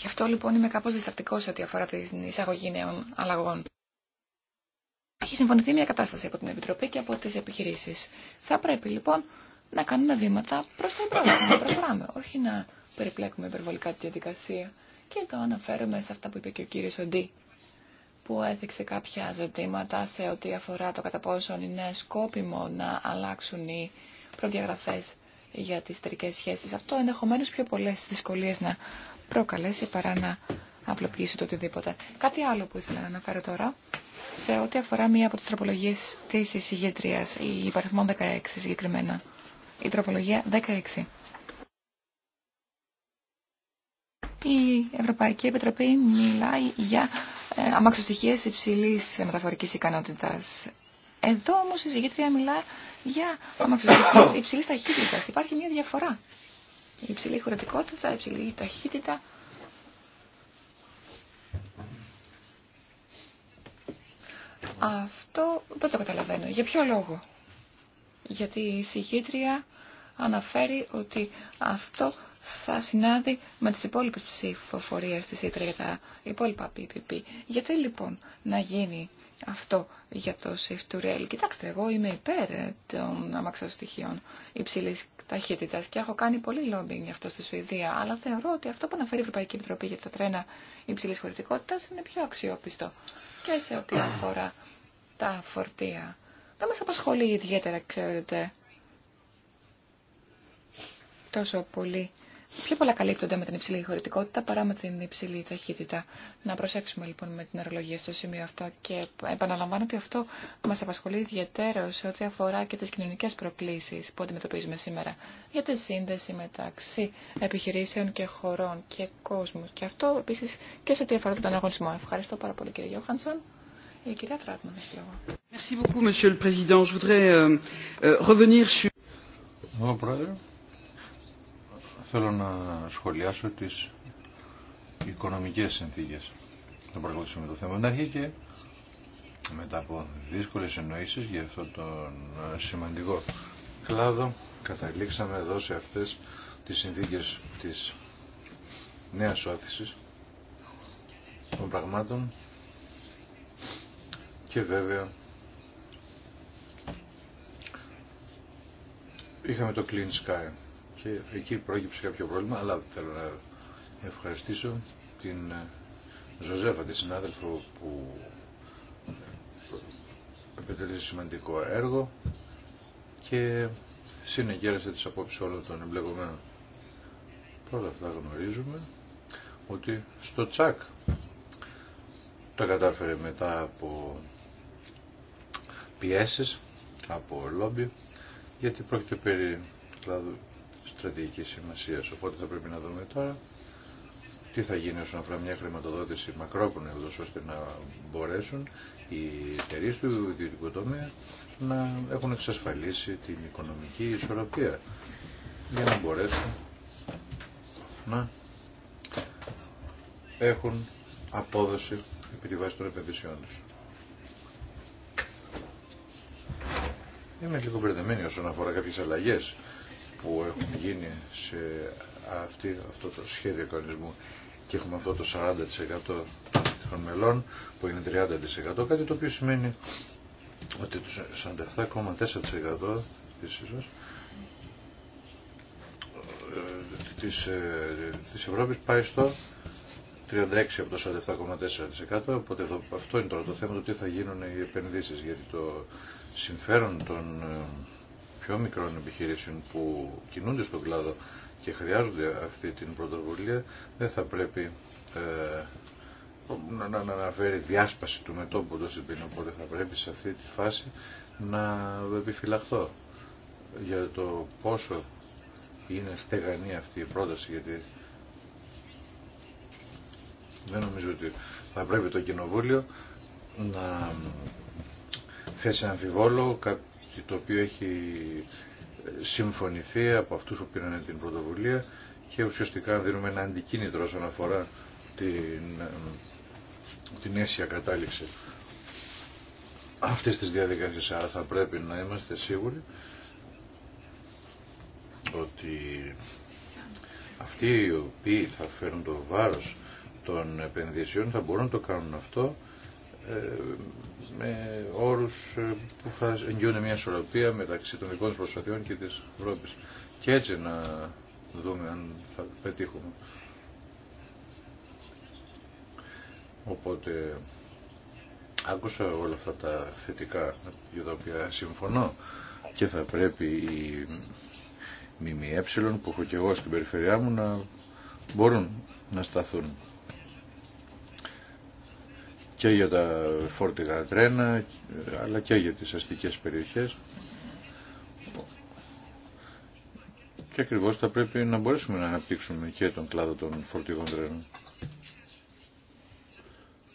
Γι' αυτό λοιπόν είμαι κάπως διστακτικός ό,τι αφορά την εισαγωγή νέων αλλαγών. Έχει συμφωνηθεί μια κατάσταση από την Επιτροπή και από τις επιχειρήσεις. Θα πρέπει λοιπόν να κάνουμε βήματα προς το εμπρός, να προχωράμε, όχι να περιπλέκουμε υπερβολικά τη διαδικασία. Και το αναφέρομαι σε αυτά που είπε και ο κύριος Οντί που έδειξε κάποια ζητήματα σε ό,τι αφορά το κατά πόσο είναι σκόπιμο να αλλάξουν οι προδιαγραφές για τις εταιρικές σχέσεις. Αυτό ενδεχομένως πιο πολλές δυσκολίες να προκαλέσει παρά να απλοποιήσει το οτιδήποτε. Κάτι άλλο που ήθελα να αναφέρω τώρα, σε ό,τι αφορά μία από τις τροπολογίες της εισηγήτριας, η υπαριθμό 16 συγκεκριμένα, η τροπολογία 16. Η Ευρωπαϊκή Επιτροπή μιλάει για ε, αμαξοστοιχείες υψηλής μεταφορικής ικανότητας. Εδώ όμως η ζυγήτρια μιλά για αμαξοστοιχείες υψηλής ταχύτητας. Υπάρχει μια διαφορά. Η υψηλή χωρητικότητα, η υψηλή ταχύτητα. Αυτό δεν το καταλαβαίνω. Για ποιο λόγο. Γιατί η συγκήτρια αναφέρει ότι αυτό θα συνάδει με τις υπόλοιπες ψηφοφορίες της ΙΤΡΑ για τα υπόλοιπα PPP. Γιατί λοιπόν να γίνει αυτό για το shift to rail. Κοιτάξτε, εγώ είμαι υπέρ των αμαξοστοιχείων υψηλή ταχύτητα και έχω κάνει πολύ lobbying αυτό στη Σουηδία. Αλλά θεωρώ ότι αυτό που αναφέρει η Ευρωπαϊκή Επιτροπή για τα τρένα υψηλή χωρητικότητα είναι πιο αξιόπιστο και σε ό,τι αφορά τα φορτία. Δεν μα απασχολεί ιδιαίτερα, ξέρετε, τόσο πολύ πιο πολλά καλύπτονται με την υψηλή χωρητικότητα παρά με την υψηλή ταχύτητα. Να προσέξουμε λοιπόν με την ορολογία στο σημείο αυτό και επαναλαμβάνω ότι αυτό μα απασχολεί ιδιαίτερο σε ό,τι αφορά και τι κοινωνικέ προκλήσει που αντιμετωπίζουμε σήμερα για τη σύνδεση μεταξύ επιχειρήσεων και χωρών και κόσμου. Και αυτό επίση και σε ό,τι αφορά τον αγωνισμό. Ευχαριστώ πάρα πολύ κύριε Γιώχανσον. Η κυρία Τράτμαν έχει Merci beaucoup, Monsieur le Président. Je voudrais euh, euh, revenir sur θέλω να σχολιάσω τις οικονομικές συνθήκες να με το θέμα. Να και μετά από δύσκολες εννοήσεις για αυτό τον σημαντικό κλάδο καταλήξαμε εδώ σε αυτές τις συνθήκες της νέας όθησης των πραγμάτων και βέβαια είχαμε το Clean Sky και εκεί πρόκειψε κάποιο πρόβλημα, αλλά θέλω να ευχαριστήσω την ε, Ζωζέφα, τη συνάδελφο που επιτελεί σημαντικό έργο και συνεγέρασε τις απόψεις όλων των εμπλεκομένων. Πρώτα αυτά γνωρίζουμε ότι στο τσακ τα κατάφερε μετά από πιέσεις, από λόμπι, γιατί πρόκειται περί στρατηγική σημασία. Οπότε θα πρέπει να δούμε τώρα τι θα γίνει όσον αφορά μια χρηματοδότηση μακρόπνοευδο ώστε να μπορέσουν οι εταιρείε του ιδιωτικού τομέα να έχουν εξασφαλίσει την οικονομική ισορροπία για να μπορέσουν να έχουν απόδοση επί τη βάση των επενδυσιών τους. Είμαι λίγο μπερδεμένη όσον αφορά κάποιες αλλαγές που έχουν γίνει σε αυτή, αυτό το σχέδιο κανονισμού και έχουμε αυτό το 40% των μελών που είναι 30% κάτι το οποίο σημαίνει ότι το 47,4% της, ε, της, ε, της Ευρώπης πάει στο 36 από το 47,4% οπότε αυτό είναι τώρα το θέμα το τι θα γίνουν οι επενδύσεις γιατί το συμφέρον των ε, πιο μικρών επιχειρήσεων που κινούνται στον κλάδο και χρειάζονται αυτή την πρωτοβουλία, δεν θα πρέπει ε, να, να αναφέρει διάσπαση του μετώπου το συμπίνο, οπότε θα πρέπει σε αυτή τη φάση να επιφυλαχθώ για το πόσο είναι στεγανή αυτή η πρόταση, γιατί δεν νομίζω ότι θα πρέπει το Κοινοβούλιο να θέσει αμφιβόλο το οποίο έχει ε, συμφωνηθεί από αυτούς που πήραν την πρωτοβουλία και ουσιαστικά δίνουμε ένα αντικίνητρο όσον αφορά την, ε, την αίσια κατάληξη αυτές τις διαδικασίες. Άρα θα πρέπει να είμαστε σίγουροι ότι αυτοί οι οποίοι θα φέρουν το βάρος των επενδύσεων θα μπορούν να το κάνουν αυτό ε, με όρους ε, που θα εγγυούν μια ισορροπία μεταξύ των δικών προσπαθειών και της Ευρώπης. Και έτσι να δούμε αν θα πετύχουμε. Οπότε άκουσα όλα αυτά τα θετικά για τα οποία συμφωνώ και θα πρέπει η ΜΜΕ που έχω και εγώ στην περιφερειά μου να μπορούν να σταθούν και για τα φόρτιγα τρένα αλλά και για τις αστικές περιοχές και ακριβώς θα πρέπει να μπορέσουμε να αναπτύξουμε και τον κλάδο των φορτηγών τρένων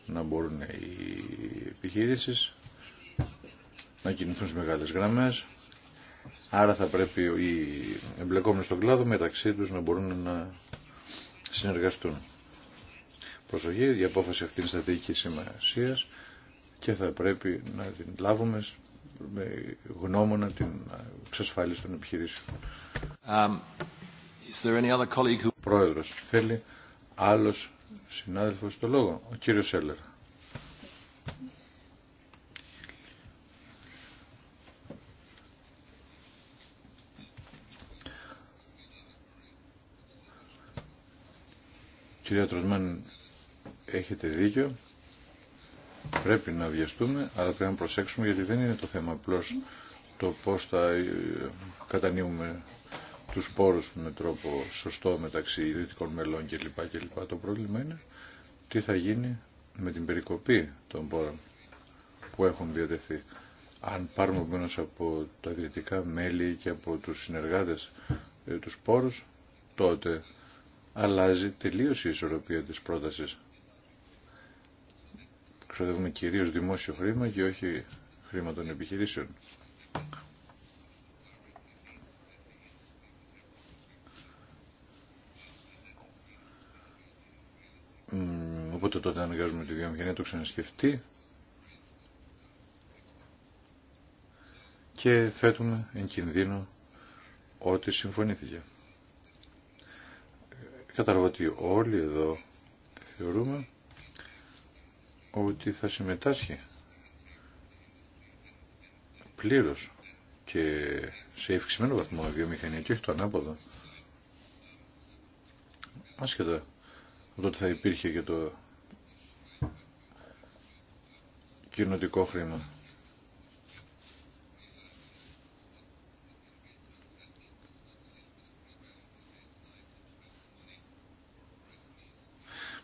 να μπορούν οι επιχείρησει να κινηθούν σε μεγάλες γραμμές άρα θα πρέπει οι εμπλεκόμενοι στον κλάδο μεταξύ τους να μπορούν να συνεργαστούν προσοχή η απόφαση αυτή είναι στρατηγική σημασία και θα πρέπει να την λάβουμε με γνώμονα την εξασφάλιση των επιχειρήσεων. Um, is Πρόεδρος, θέλει άλλος συνάδελφος το λόγο, ο κύριος Σέλερ. Κυρία Τροσμάν, έχετε δίκιο. Πρέπει να βιαστούμε, αλλά πρέπει να προσέξουμε γιατί δεν είναι το θέμα απλώ το πώς θα ε, κατανοούμε τους πόρους με τρόπο σωστό μεταξύ ιδιωτικών μελών κλπ. Το πρόβλημα είναι τι θα γίνει με την περικοπή των πόρων που έχουν διατεθεί. Αν πάρουμε μόνος από τα ιδρυτικά μέλη και από τους συνεργάτες ε, τους πόρους, τότε αλλάζει τελείως η ισορροπία της πρότασης. Ξοδεύουμε κυρίως δημόσιο χρήμα και όχι χρήμα των επιχειρήσεων. Οπότε τότε αναγκάζουμε τη βιομηχανία, το ξανασκεφτεί και θέτουμε εν κινδύνο ό,τι συμφωνήθηκε. Καταλαβαίνω ότι όλοι εδώ θεωρούμε ότι θα συμμετάσχει πλήρως και σε ευξημένο βαθμό η βιομηχανία και όχι το ανάποδο άσχετα από το ότι θα υπήρχε και το κοινωτικό χρήμα.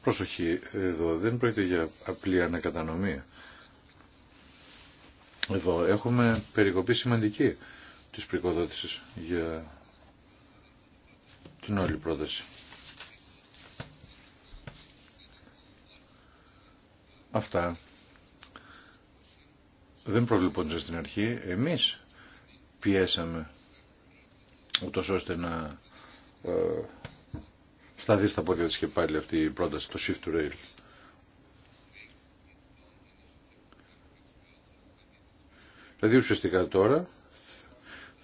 Προσοχή εδώ, δεν πρόκειται για απλή ανακατανομή. Εδώ έχουμε περικοπή σημαντική της πρικοδότησης για την όλη πρόταση. Αυτά δεν προβλεπόντουσαν στην αρχή. Εμείς πιέσαμε ούτως ώστε να ε, στα δίστα πόδια της και πάλι αυτή η πρόταση, το shift to rail. Δηλαδή ουσιαστικά τώρα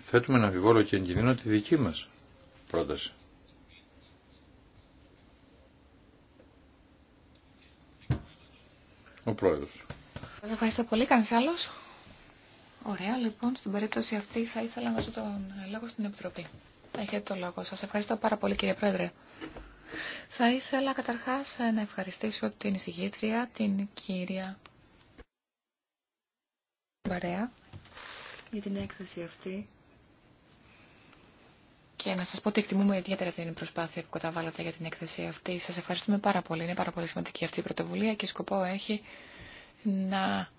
θέτουμε να αμφιβόλο και εγκινδύνω τη δική μας πρόταση. Ο πρόεδρος. Σας ευχαριστώ πολύ. Κανείς άλλος. Ωραία, λοιπόν, στην περίπτωση αυτή θα ήθελα να δώσω τον λόγο στην Επιτροπή. Έχετε το λόγο. Σας ευχαριστώ πάρα πολύ κύριε Πρόεδρε. Θα ήθελα καταρχάς να ευχαριστήσω την εισηγήτρια, την κυρία Μπαρέα, για την έκθεση αυτή. Και να σας πω ότι εκτιμούμε ιδιαίτερα την προσπάθεια που καταβάλλατε για την έκθεση αυτή. Σας ευχαριστούμε πάρα πολύ. Είναι πάρα πολύ σημαντική αυτή η πρωτοβουλία και σκοπό έχει να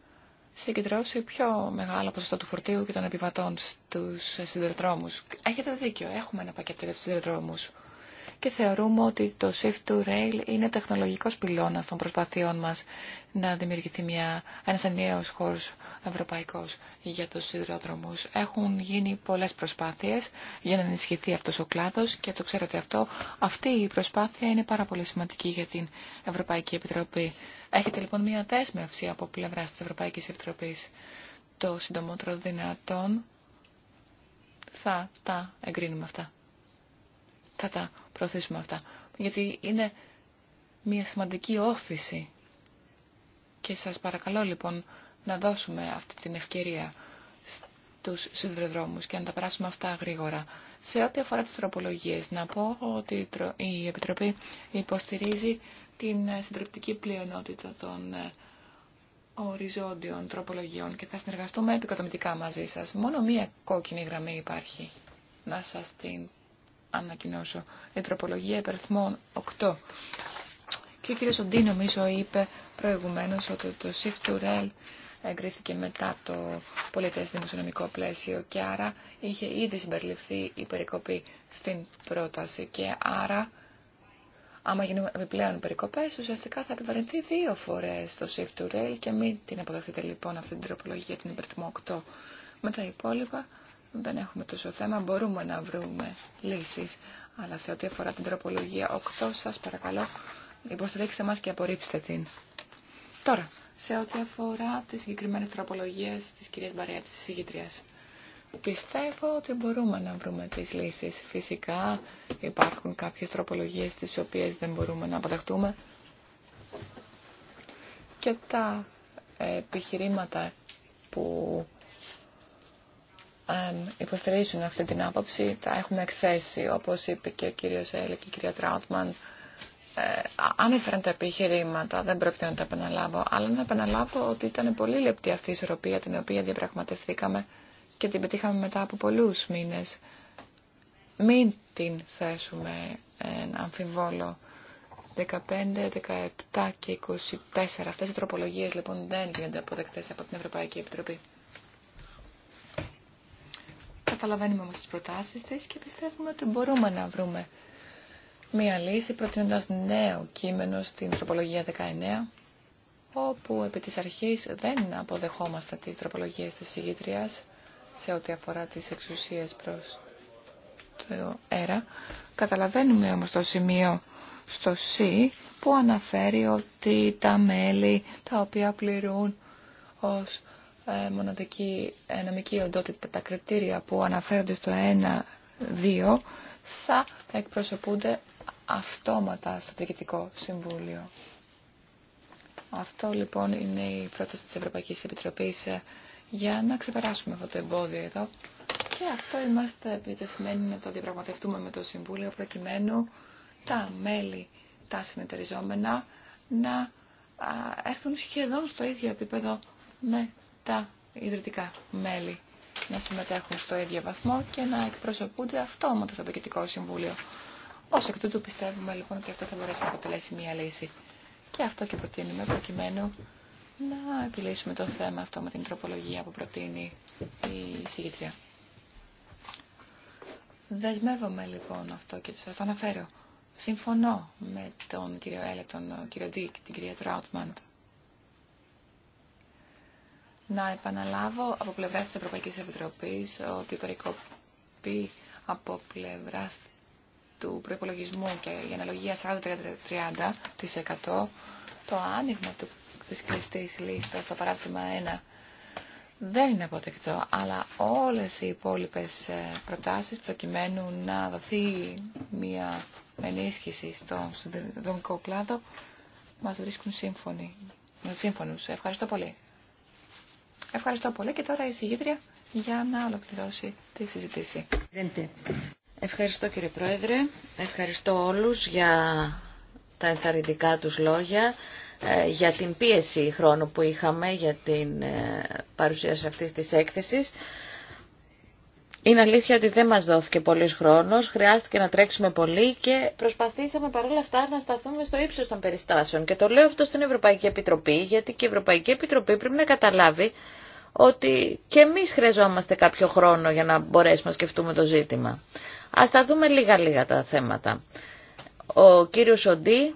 συγκεντρώσει πιο μεγάλο ποσοστό του φορτίου και των επιβατών στους σιδηροδρόμους. Έχετε δίκιο, έχουμε ένα πακέτο για τους σιδηροδρόμους και θεωρούμε ότι το Shift to Rail είναι τεχνολογικός πυλώνας των προσπαθειών μας να δημιουργηθεί μια, ένας ενιαίος χώρος ευρωπαϊκός για τους σιδηροδρομούς. Έχουν γίνει πολλές προσπάθειες για να ενισχυθεί αυτός ο κλάδος και το ξέρετε αυτό. Αυτή η προσπάθεια είναι πάρα πολύ σημαντική για την Ευρωπαϊκή Επιτροπή. Έχετε λοιπόν μια δέσμευση από πλευρά της Ευρωπαϊκής Επιτροπής το συντομότερο δυνατόν θα τα εγκρίνουμε αυτά. Θα τα προωθήσουμε αυτά. Γιατί είναι μια σημαντική όθηση. Και σας παρακαλώ λοιπόν να δώσουμε αυτή την ευκαιρία στους σιδηροδρόμους και να τα περάσουμε αυτά γρήγορα. Σε ό,τι αφορά τις τροπολογίες, να πω ότι η Επιτροπή υποστηρίζει την ε, συντριπτική πλειονότητα των ε, οριζόντιων τροπολογιών και θα συνεργαστούμε επικοδομητικά μαζί σας. Μόνο μία κόκκινη γραμμή υπάρχει. Να σας την ανακοινώσω. Η τροπολογία υπερθμών 8. Και ο κύριος Οντή νομίζω είπε προηγουμένω ότι το shift to rail εγκρίθηκε μετά το πολιτές δημοσιονομικό πλαίσιο και άρα είχε ήδη συμπεριληφθεί η περικοπή στην πρόταση και άρα άμα γίνουν επιπλέον περικοπές ουσιαστικά θα επιβαρυνθεί δύο φορές το shift to rail και μην την αποδεχτείτε λοιπόν αυτή την τροπολογία την υπερθμό 8 με τα υπόλοιπα δεν έχουμε τόσο θέμα, μπορούμε να βρούμε λύσεις. Αλλά σε ό,τι αφορά την τροπολογία 8, σας παρακαλώ, υποστηρίξτε μας και απορρίψτε την. Τώρα, σε ό,τι αφορά τις συγκεκριμένες τροπολογίες της κυρίας Μπαρία της Συγγητρίας. Πιστεύω ότι μπορούμε να βρούμε τις λύσεις. Φυσικά υπάρχουν κάποιες τροπολογίες τις οποίες δεν μπορούμε να αποδεχτούμε. Και τα επιχειρήματα που υποστηρίζουν αυτή την άποψη. Τα έχουμε εκθέσει, όπως είπε και ο κύριος Έλλη και η κυρία Τράουτμαν. Ε, ανέφεραν τα επιχειρήματα, δεν πρόκειται να τα επαναλάβω, αλλά να επαναλάβω ότι ήταν πολύ λεπτή αυτή η ισορροπία την οποία διαπραγματευθήκαμε και την πετύχαμε μετά από πολλούς μήνες. Μην την θέσουμε ένα αμφιβόλο. 15, 17 και 24. Αυτές οι τροπολογίες λοιπόν δεν γίνονται αποδεκτές από την Ευρωπαϊκή Επιτροπή. Καταλαβαίνουμε όμως τις προτάσεις της και πιστεύουμε ότι μπορούμε να βρούμε μία λύση προτείνοντας νέο κείμενο στην τροπολογία 19 όπου επί της αρχής δεν αποδεχόμαστε τις τροπολογίες της ηγήτριας σε ό,τι αφορά τις εξουσίες προς το ΕΡΑ. Καταλαβαίνουμε όμως το σημείο στο ΣΥ που αναφέρει ότι τα μέλη τα οποία πληρούν ως ε, μοναδική ε, νομική οντότητα, τα κριτήρια που αναφέρονται στο 1-2 θα εκπροσωπούνται αυτόματα στο Διοικητικό Συμβούλιο. Αυτό λοιπόν είναι η πρόταση της Ευρωπαϊκής Επιτροπής ε, για να ξεπεράσουμε αυτό το εμπόδιο εδώ. Και αυτό είμαστε επιτευχμένοι να το διαπραγματευτούμε με το Συμβούλιο προκειμένου τα μέλη, τα συνεταιριζόμενα να έρθουν σχεδόν στο ίδιο επίπεδο με τα ιδρυτικά μέλη να συμμετέχουν στο ίδιο βαθμό και να εκπροσωπούνται αυτόματα στο Διοικητικό Συμβούλιο. Ω εκ τούτου πιστεύουμε λοιπόν ότι αυτό θα μπορέσει να αποτελέσει μία λύση. Και αυτό και προτείνουμε προκειμένου να επιλύσουμε το θέμα αυτό με την τροπολογία που προτείνει η συγκεκριά. Δεσμεύομαι λοιπόν αυτό και σας το αναφέρω. Συμφωνώ με τον κύριο Έλετον, τον κύριο Ντίκ, την κυρία Τράουτμαντ να επαναλάβω από πλευρά τη Ευρωπαϊκή Επιτροπή ότι η περικοπή από πλευρά του προπολογισμού και η αναλογία 40-30% το άνοιγμα του, της κλειστής λίστας στο παράδειγμα 1 δεν είναι αποδεκτό, αλλά όλες οι υπόλοιπες ε, προτάσεις προκειμένου να δοθεί μια ενίσχυση στον συνδρομικό κλάδο μας βρίσκουν σύμφωνοι. Ευχαριστώ πολύ. Ευχαριστώ πολύ και τώρα η συγγήτρια για να ολοκληρώσει τη συζήτηση. Ευχαριστώ κύριε Πρόεδρε. Ευχαριστώ όλους για τα ενθαρρυντικά τους λόγια, ε, για την πίεση χρόνου που είχαμε για την ε, παρουσίαση αυτής της έκθεσης. Είναι αλήθεια ότι δεν μας δόθηκε πολύς χρόνος, χρειάστηκε να τρέξουμε πολύ και προσπαθήσαμε παρόλα αυτά να σταθούμε στο ύψος των περιστάσεων. Και το λέω αυτό στην Ευρωπαϊκή Επιτροπή, γιατί και η Ευρωπαϊκή Επιτροπή πρέπει να καταλάβει ότι και εμείς χρειαζόμαστε κάποιο χρόνο για να μπορέσουμε να σκεφτούμε το ζήτημα. Ας τα δούμε λίγα-λίγα τα θέματα. Ο κύριος Σοντή,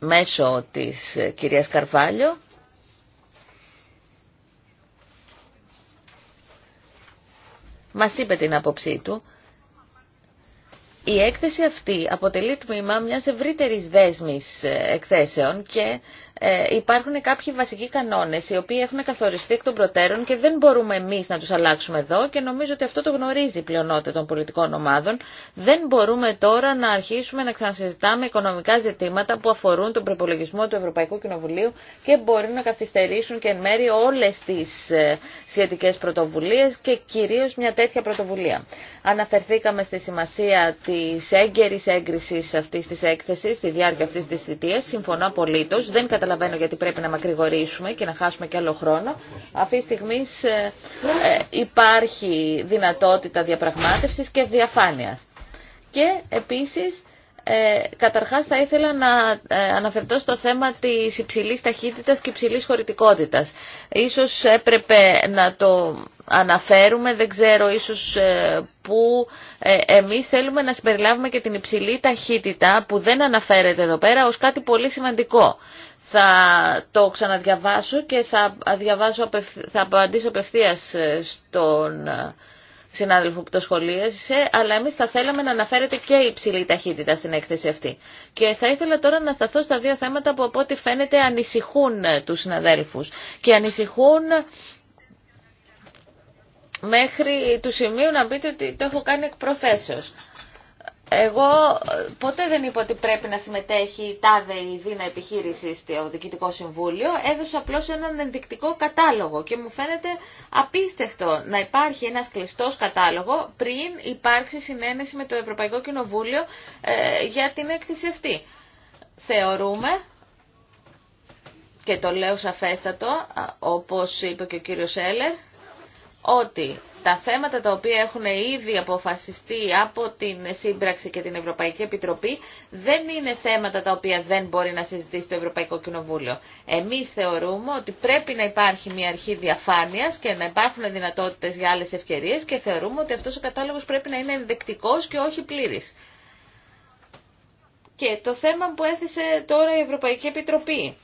μέσω της κυρίας Καρφάλιο, μας είπε την άποψή του. Η έκθεση αυτή αποτελεί τμήμα μιας ευρύτερης δέσμης ε, εκθέσεων και ε, υπάρχουν κάποιοι βασικοί κανόνες οι οποίοι έχουν καθοριστεί εκ των προτέρων και δεν μπορούμε εμείς να τους αλλάξουμε εδώ και νομίζω ότι αυτό το γνωρίζει η πλειονότητα των πολιτικών ομάδων. Δεν μπορούμε τώρα να αρχίσουμε να ξανασυζητάμε οικονομικά ζητήματα που αφορούν τον προπολογισμό του Ευρωπαϊκού Κοινοβουλίου και μπορεί να καθυστερήσουν και εν μέρει όλες τις ε, σχετικές πρωτοβουλίες και κυρίως μια τέτοια πρωτοβουλία. Αναφερθήκαμε στη σημασία τη έγκαιρης έγκρισης αυτής της έκθεσης, στη διάρκεια αυτής της θητείας. Συμφωνώ απολύτως. Δεν καταλαβαίνω γιατί πρέπει να μακρηγορήσουμε και να χάσουμε και άλλο χρόνο. Αυτή τη στιγμή ε, ε, υπάρχει δυνατότητα διαπραγμάτευσης και διαφάνειας. Και επίσης ε, καταρχάς θα ήθελα να ε, αναφερθώ στο θέμα της υψηλής ταχύτητας και υψηλής χωρητικότητας. Ίσως έπρεπε να το αναφέρουμε, δεν ξέρω ίσως που εμείς θέλουμε να συμπεριλάβουμε και την υψηλή ταχύτητα που δεν αναφέρεται εδώ πέρα ως κάτι πολύ σημαντικό θα το ξαναδιαβάσω και θα, διαβάσω, θα απαντήσω απευθεία ε, στον ε, συνάδελφο που το σχολίασε, αλλά εμείς θα θέλαμε να αναφέρεται και η υψηλή ταχύτητα στην έκθεση αυτή. Και θα ήθελα τώρα να σταθώ στα δύο θέματα που από ό,τι φαίνεται ανησυχούν ε, τους συναδέλφους και ανησυχούν μέχρι του σημείου να πείτε ότι το έχω κάνει εκ εγώ ποτέ δεν είπα ότι πρέπει να συμμετέχει η τάδε η δίνα επιχείρηση στο Διοικητικό Συμβούλιο. Έδωσα απλώ έναν ενδεικτικό κατάλογο και μου φαίνεται απίστευτο να υπάρχει ένα κλειστό κατάλογο πριν υπάρξει συνένεση με το Ευρωπαϊκό Κοινοβούλιο ε, για την έκθεση αυτή. Θεωρούμε και το λέω σαφέστατο, ε, όπως είπε και ο κύριος Έλερ, ότι τα θέματα τα οποία έχουν ήδη αποφασιστεί από την Σύμπραξη και την Ευρωπαϊκή Επιτροπή δεν είναι θέματα τα οποία δεν μπορεί να συζητήσει το Ευρωπαϊκό Κοινοβούλιο. Εμείς θεωρούμε ότι πρέπει να υπάρχει μια αρχή διαφάνειας και να υπάρχουν δυνατότητες για άλλες ευκαιρίες και θεωρούμε ότι αυτός ο κατάλογος πρέπει να είναι ενδεκτικός και όχι πλήρης. Και το θέμα που έθεσε τώρα η Ευρωπαϊκή Επιτροπή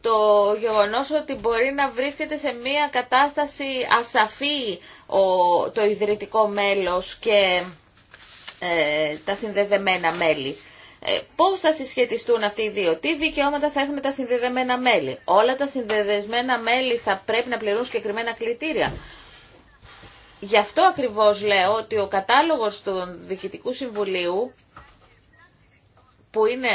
το γεγονός ότι μπορεί να βρίσκεται σε μια κατάσταση ασαφή το ιδρυτικό μέλος και ε, τα συνδεδεμένα μέλη. Ε, πώς θα συσχετιστούν αυτοί οι δύο, τι δικαιώματα θα έχουν τα συνδεδεμένα μέλη. Όλα τα συνδεδεσμένα μέλη θα πρέπει να πληρούν συγκεκριμένα κλητήρια. Γι' αυτό ακριβώς λέω ότι ο κατάλογος του Διοικητικού Συμβουλίου που είναι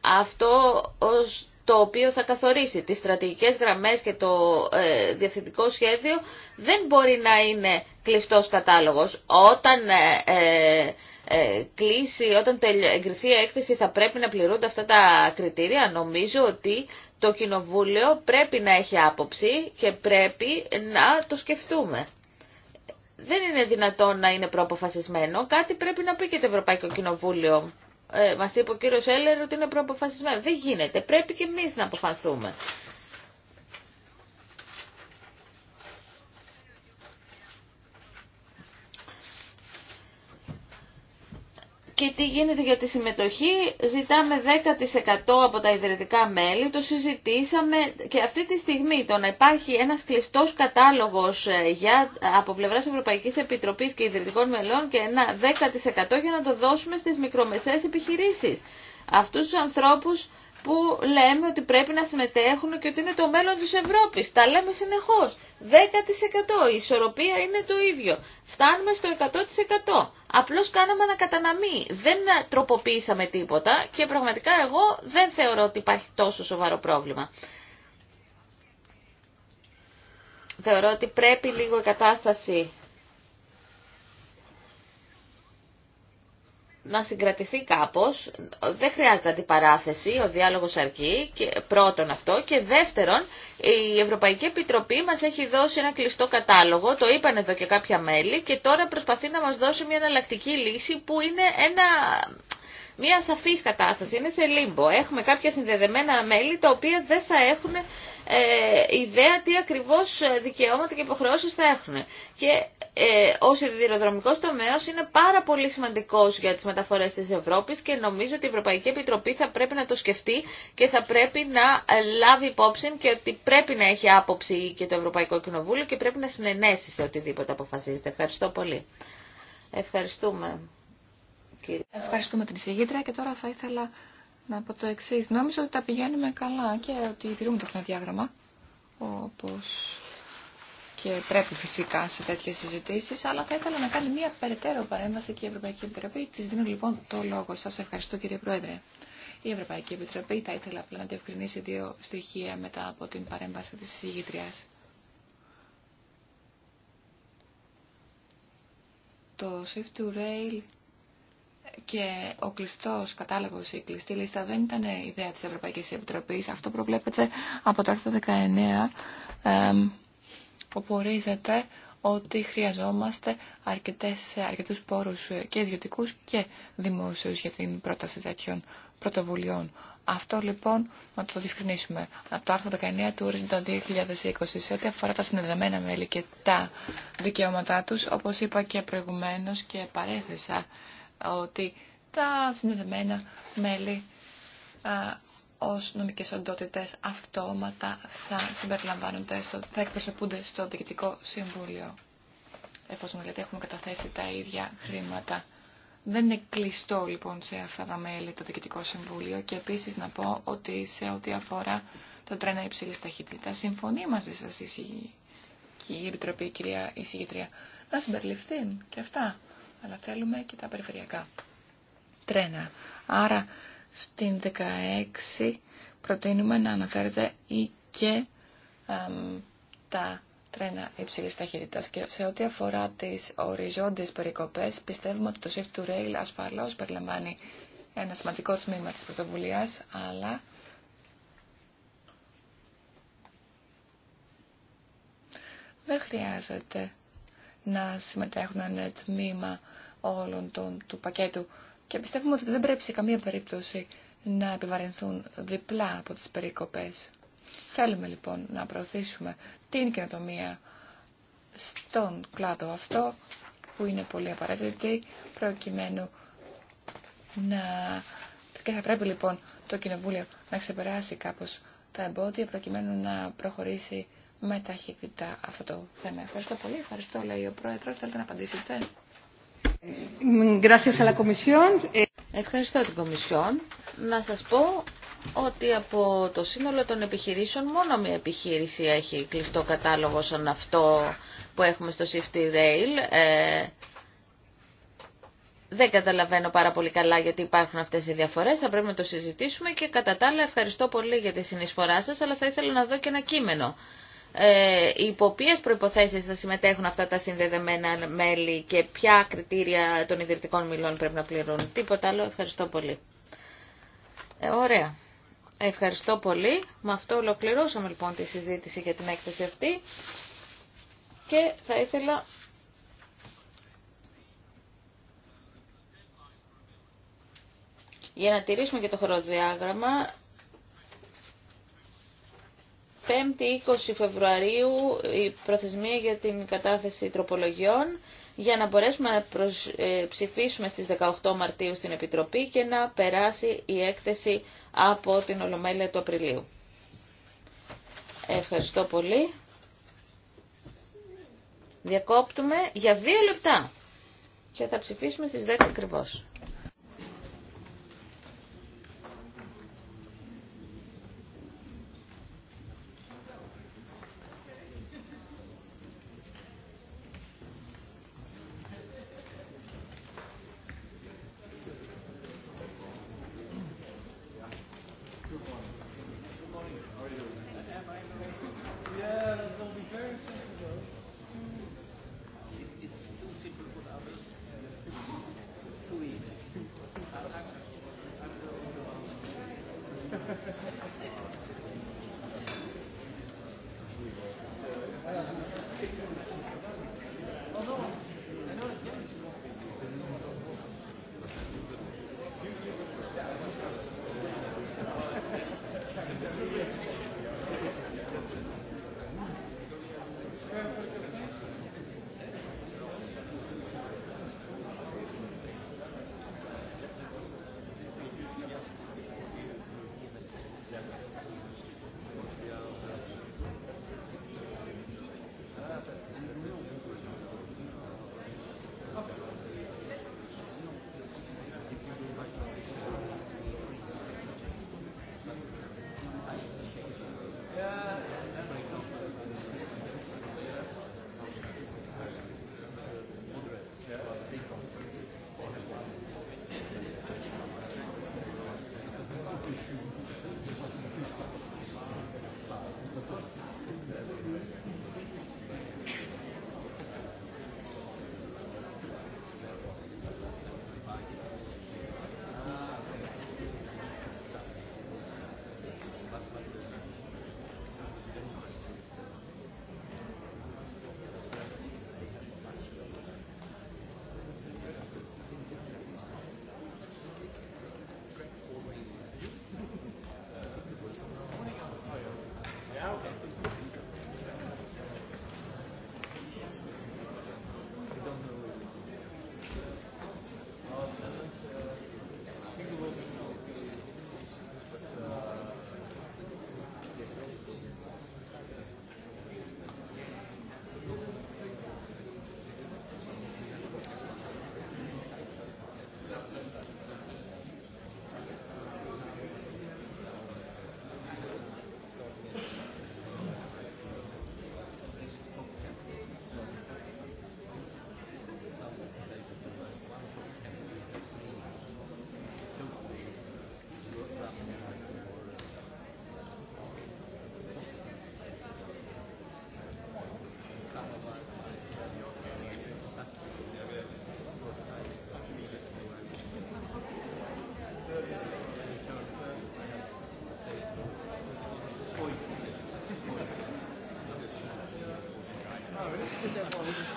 αυτό ως το οποίο θα καθορίσει τις στρατηγικές γραμμές και το ε, διευθυντικό σχέδιο δεν μπορεί να είναι κλειστός κατάλογος. Όταν ε, ε, ε κλείσει, όταν εγκριθεί η έκθεση θα πρέπει να πληρούνται αυτά τα κριτήρια. Νομίζω ότι το Κοινοβούλιο πρέπει να έχει άποψη και πρέπει να το σκεφτούμε. Δεν είναι δυνατόν να είναι προαποφασισμένο. Κάτι πρέπει να πει και το Ευρωπαϊκό Κοινοβούλιο μα ε, μας είπε ο κύριος Έλερ ότι είναι προαποφασισμένο. Δεν γίνεται. Πρέπει και εμείς να αποφανθούμε. και τι γίνεται για τη συμμετοχή. Ζητάμε 10% από τα ιδρυτικά μέλη, το συζητήσαμε και αυτή τη στιγμή το να υπάρχει ένας κλειστός κατάλογος ε, για, από πλευράς Ευρωπαϊκής Επιτροπής και ιδρυτικών μελών και ένα 10% για να το δώσουμε στις μικρομεσαίες επιχειρήσεις. Αυτούς τους ανθρώπους που λέμε ότι πρέπει να συμμετέχουν και ότι είναι το μέλλον της Ευρώπης. Τα λέμε συνεχώς. 10% η ισορροπία είναι το ίδιο. Φτάνουμε στο 100%. Απλώς κάναμε ένα καταναμή. Δεν τροποποίησαμε τίποτα και πραγματικά εγώ δεν θεωρώ ότι υπάρχει τόσο σοβαρό πρόβλημα. Θεωρώ ότι πρέπει λίγο η κατάσταση να συγκρατηθεί κάπως, δεν χρειάζεται αντιπαράθεση, ο διάλογος αρκεί, και πρώτον αυτό, και δεύτερον, η Ευρωπαϊκή Επιτροπή μας έχει δώσει ένα κλειστό κατάλογο, το είπαν εδώ και κάποια μέλη, και τώρα προσπαθεί να μας δώσει μια εναλλακτική λύση που είναι ένα... Μια σαφής κατάσταση, είναι σε λίμπο. Έχουμε κάποια συνδεδεμένα μέλη τα οποία δεν θα έχουν ε, ιδέα τι ακριβώς ε, δικαιώματα και υποχρεώσεις θα έχουν. Και ε, ο σιδηροδρομικό τομέας είναι πάρα πολύ σημαντικό για τι μεταφορέ τη Ευρώπη και νομίζω ότι η Ευρωπαϊκή Επιτροπή θα πρέπει να το σκεφτεί και θα πρέπει να λάβει υπόψη και ότι πρέπει να έχει άποψη και το Ευρωπαϊκό Κοινοβούλιο και πρέπει να συνενέσει σε οτιδήποτε αποφασίζεται. Ευχαριστώ πολύ. Ευχαριστούμε. Κύριε. Ευχαριστούμε την εισηγήτρια και τώρα θα ήθελα να πω το εξή. Νόμιζα ότι τα πηγαίνουμε καλά και ότι τηρούμε το χρονοδιάγραμμα όπως και πρέπει φυσικά σε τέτοιε συζητήσει, αλλά θα ήθελα να κάνει μια περαιτέρω παρέμβαση και η Ευρωπαϊκή Επιτροπή. Τη δίνω λοιπόν το λόγο. Σα ευχαριστώ κύριε Πρόεδρε. Η Ευρωπαϊκή Επιτροπή θα ήθελα απλά να διευκρινίσει δύο στοιχεία μετά από την παρέμβαση τη συγγήτρια. Το shift to rail και ο κλειστό κατάλογο, η κλειστή λίστα δεν ήταν ιδέα τη Ευρωπαϊκή Επιτροπή. Αυτό προβλέπεται από το άρθρο 19 που απορρίζεται ότι χρειαζόμαστε αρκετές, αρκετούς πόρους και ιδιωτικούς και δημόσιους για την πρόταση τέτοιων πρωτοβουλειών. Αυτό λοιπόν να το διευκρινίσουμε. Από το άρθρο 19 του ορίζοντα 2020 σε ό,τι αφορά τα συνδεδεμένα μέλη και τα δικαιώματά τους, όπως είπα και προηγουμένως και παρέθεσα ότι τα συνδεδεμένα μέλη ως νομικές οντότητες αυτόματα θα συμπεριλαμβάνονται, στο, θα εκπροσωπούνται στο Διοικητικό Συμβούλιο. Εφόσον δηλαδή έχουμε καταθέσει τα ίδια χρήματα. Δεν είναι κλειστό λοιπόν σε αυτά τα μέλη το Διοικητικό Συμβούλιο και επίσης να πω ότι σε ό,τι αφορά τα τρένα υψηλής ταχύτητας συμφωνεί μαζί σας η, και η Επιτροπή, η κυρία να συμπεριληφθεί και αυτά. Αλλά θέλουμε και τα περιφερειακά τρένα. Άρα στην 16 προτείνουμε να αναφέρεται ή και τα τρένα υψηλή ταχύτητα. Και σε ό,τι αφορά τι οριζόντιε περικοπέ, πιστεύουμε ότι το shift to rail ασφαλώ περιλαμβάνει ένα σημαντικό τμήμα τη πρωτοβουλία, αλλά δεν χρειάζεται να συμμετέχουν ένα τμήμα όλων των, του πακέτου και πιστεύουμε ότι δεν πρέπει σε καμία περίπτωση να επιβαρυνθούν διπλά από τις περίκοπες. Θέλουμε λοιπόν να προωθήσουμε την καινοτομία στον κλάδο αυτό που είναι πολύ απαραίτητη προκειμένου να... Και θα πρέπει λοιπόν το Κοινοβούλιο να ξεπεράσει κάπως τα εμπόδια προκειμένου να προχωρήσει με ταχύτητα αυτό το θέμα. Ευχαριστώ πολύ. Ευχαριστώ λέει ο Πρόεδρος. Θέλετε να απαντήσετε. Ευχαριστώ την Κομισιόν. Να σας πω ότι από το σύνολο των επιχειρήσεων μόνο μια επιχείρηση έχει κλειστό κατάλογο σαν αυτό που έχουμε στο Shifty Rail. Ε, δεν καταλαβαίνω πάρα πολύ καλά γιατί υπάρχουν αυτές οι διαφορές. Θα πρέπει να το συζητήσουμε και κατά τα άλλα ευχαριστώ πολύ για τη συνεισφορά σας, αλλά θα ήθελα να δω και ένα κείμενο ε, υπό ποιες προϋποθέσεις θα συμμετέχουν αυτά τα συνδεδεμένα μέλη και ποια κριτήρια των ιδρυτικών μιλών πρέπει να πληρώνουν. Τίποτα άλλο. Ευχαριστώ πολύ. Ε, ωραία. Ευχαριστώ πολύ. Με αυτό ολοκληρώσαμε λοιπόν τη συζήτηση για την έκθεση αυτή και θα ήθελα για να τηρήσουμε και το χρονοδιάγραμμα 5η 20 Φεβρουαρίου η προθεσμία για την κατάθεση τροπολογιών για να μπορέσουμε να ε, ψηφίσουμε στις 18 Μαρτίου στην Επιτροπή και να περάσει η έκθεση από την Ολομέλεια του Απριλίου. Ευχαριστώ πολύ. Διακόπτουμε για δύο λεπτά και θα ψηφίσουμε στις 10 ακριβώς.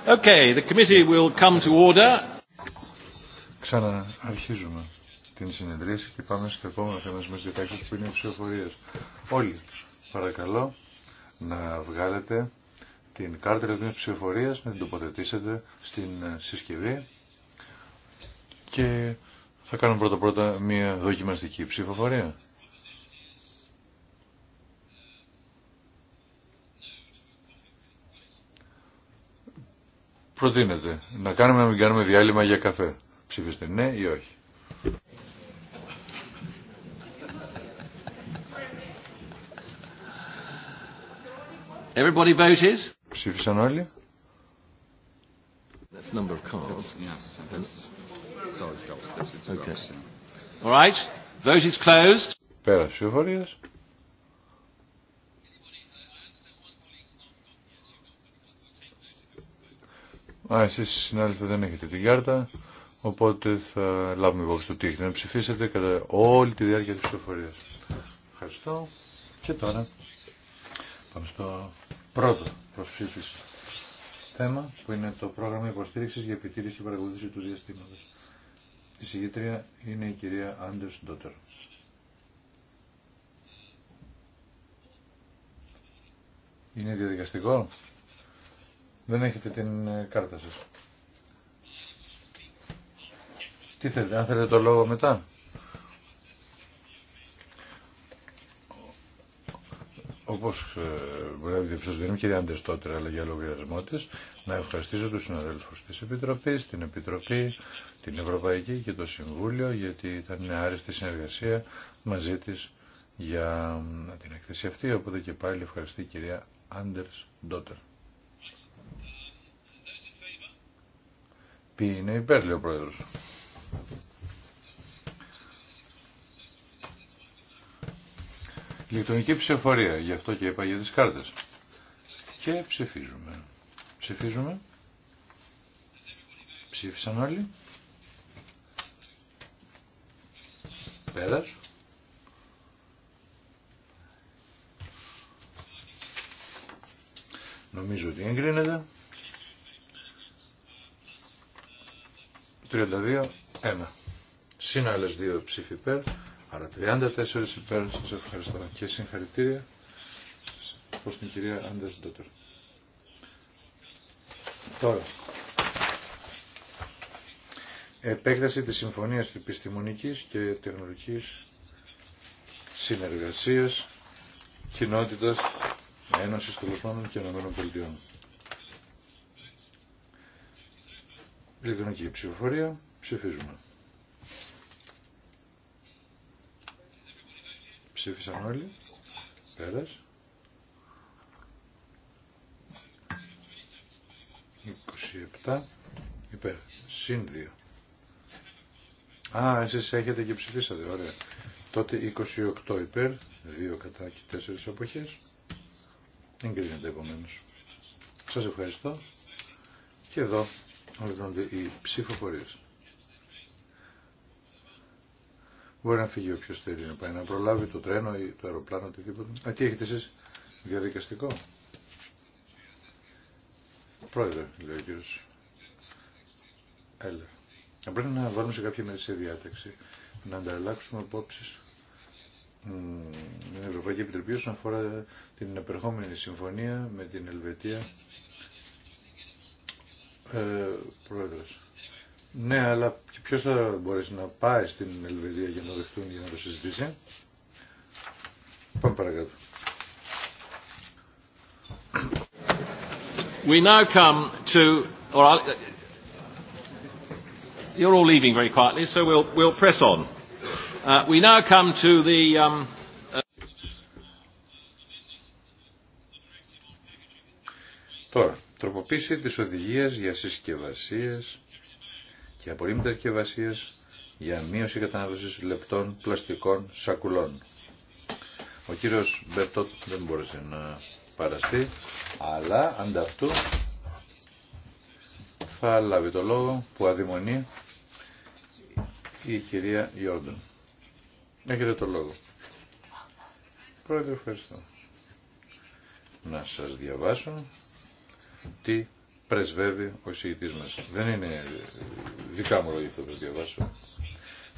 Okay, the committee will come to order. Ξαναρχίζουμε την συνεδρίαση και πάμε στο επόμενο θέμα μας διατάξεις που είναι οι ψηφοφορίες. Όλοι, παρακαλώ, να βγάλετε την κάρτα της ψηφοφορίας, να την τοποθετήσετε στην συσκευή και θα κάνουμε πρώτα-πρώτα μια δοκιμαστική ψηφοφορία. προτείνετε. Να κάνουμε να μην κάνουμε διάλειμμα για καφέ. Ψηφίστε ναι ή όχι. Everybody voted. Ψήφισαν όλοι. That's number of cards. Yes. That's, sorry, that's, that's, okay. All right. Vote is closed. Πέρασε ψηφοφορίας. Α, εσείς συνάδελφοι δεν έχετε την κάρτα, οπότε θα λάβουμε υπόψη του τι έχετε να ψηφίσετε κατά όλη τη διάρκεια της ψηφοφορίας. Ευχαριστώ. Και τώρα πάμε στο πρώτο προσψήφιση θέμα που είναι το πρόγραμμα υποστήριξης για επιτήρηση και παρακολούθηση του διαστήματος. Η συγγήτρια είναι η κυρία Άντερς Ντότερ. Είναι διαδικαστικό. Δεν έχετε την ε, κάρτα σας. Τι θέλετε, αν θέλετε το λόγο μετά. Όπως ε, μπορεί να διευθυνθεί, δεν είμαι κυρία Αντεστότερα, αλλά για λογαριασμό τη, να ευχαριστήσω τους συναδέλφους της Επιτροπής, την Επιτροπή, την Ευρωπαϊκή και το Συμβούλιο, γιατί ήταν μια άριστη συνεργασία μαζί της για την εκθέση αυτή. Οπότε και πάλι ευχαριστή κυρία Άντερ Ποιοι είναι υπέρ, λέει ο Πρόεδρος. Ηλεκτρονική ψηφοφορία, γι' αυτό και είπα για τις κάρτες. Και ψηφίζουμε. Ψηφίζουμε. Ψήφισαν όλοι. Πέρας. Νομίζω ότι εγκρίνεται. 32-1. Συν άλλες δύο ψήφοι υπέρ, άρα 34 υπέρ. Σας ευχαριστώ και συγχαρητήρια προς την κυρία Άντες Ντότερ. Τώρα, επέκταση της Συμφωνίας Επιστημονικής και Τεχνολογικής Συνεργασίας Κοινότητας Ένωσης Τελοσμάνων και Ενωμένων Πολιτειών. Ηλεκτρονική ψηφοφορία. Ψηφίζουμε. Ψήφισαν όλοι. Πέρας. 27 υπέρ. Συν 2. Α, εσείς έχετε και ψηφίσατε. Ωραία. Τότε 28 υπέρ, 2 κατά και 4 εποχές. κρίνεται επομένως. Σας ευχαριστώ. Και εδώ ολοκληρώνονται οι ψηφοφορίες. Μπορεί να φύγει όποιο θέλει να πάει, να προλάβει το τρένο ή το αεροπλάνο, οτιδήποτε. Α, τι έχετε εσείς, διαδικαστικό. Πρόεδρε, λέει ο κύριος. Έλα. Να πρέπει να βάλουμε σε κάποια μέρη σε διάταξη, να ανταλλάξουμε απόψεις με την Ευρωπαϊκή Επιτροπή όσον αφορά την επερχόμενη συμφωνία με την Ελβετία ε, Πρόεδρο. Ναι, αλλά ποιος θα μπορέσει να πάει στην Ελβετία για να δεχτούν για να το συζητήσει. Πάμε παρακάτω. We now come to, or I'll, you're all leaving very quietly, so we'll, we'll press on. Uh, we now come to the um, τροποποίηση της οδηγίας για συσκευασίες και απορρίμματα συσκευασίες για μείωση κατανάλωσης λεπτών πλαστικών σακουλών. Ο κύριος Μπερτότ δεν μπόρεσε να παραστεί, αλλά ανταυτού θα λάβει το λόγο που αδειμονεί η κυρία Ιόντον. Έχετε το λόγο. Πρόεδρε, ευχαριστώ. Να σας διαβάσω τι πρεσβεύει ο εισηγητής μας. Δεν είναι δικά μου λόγια αυτό που διαβάσω.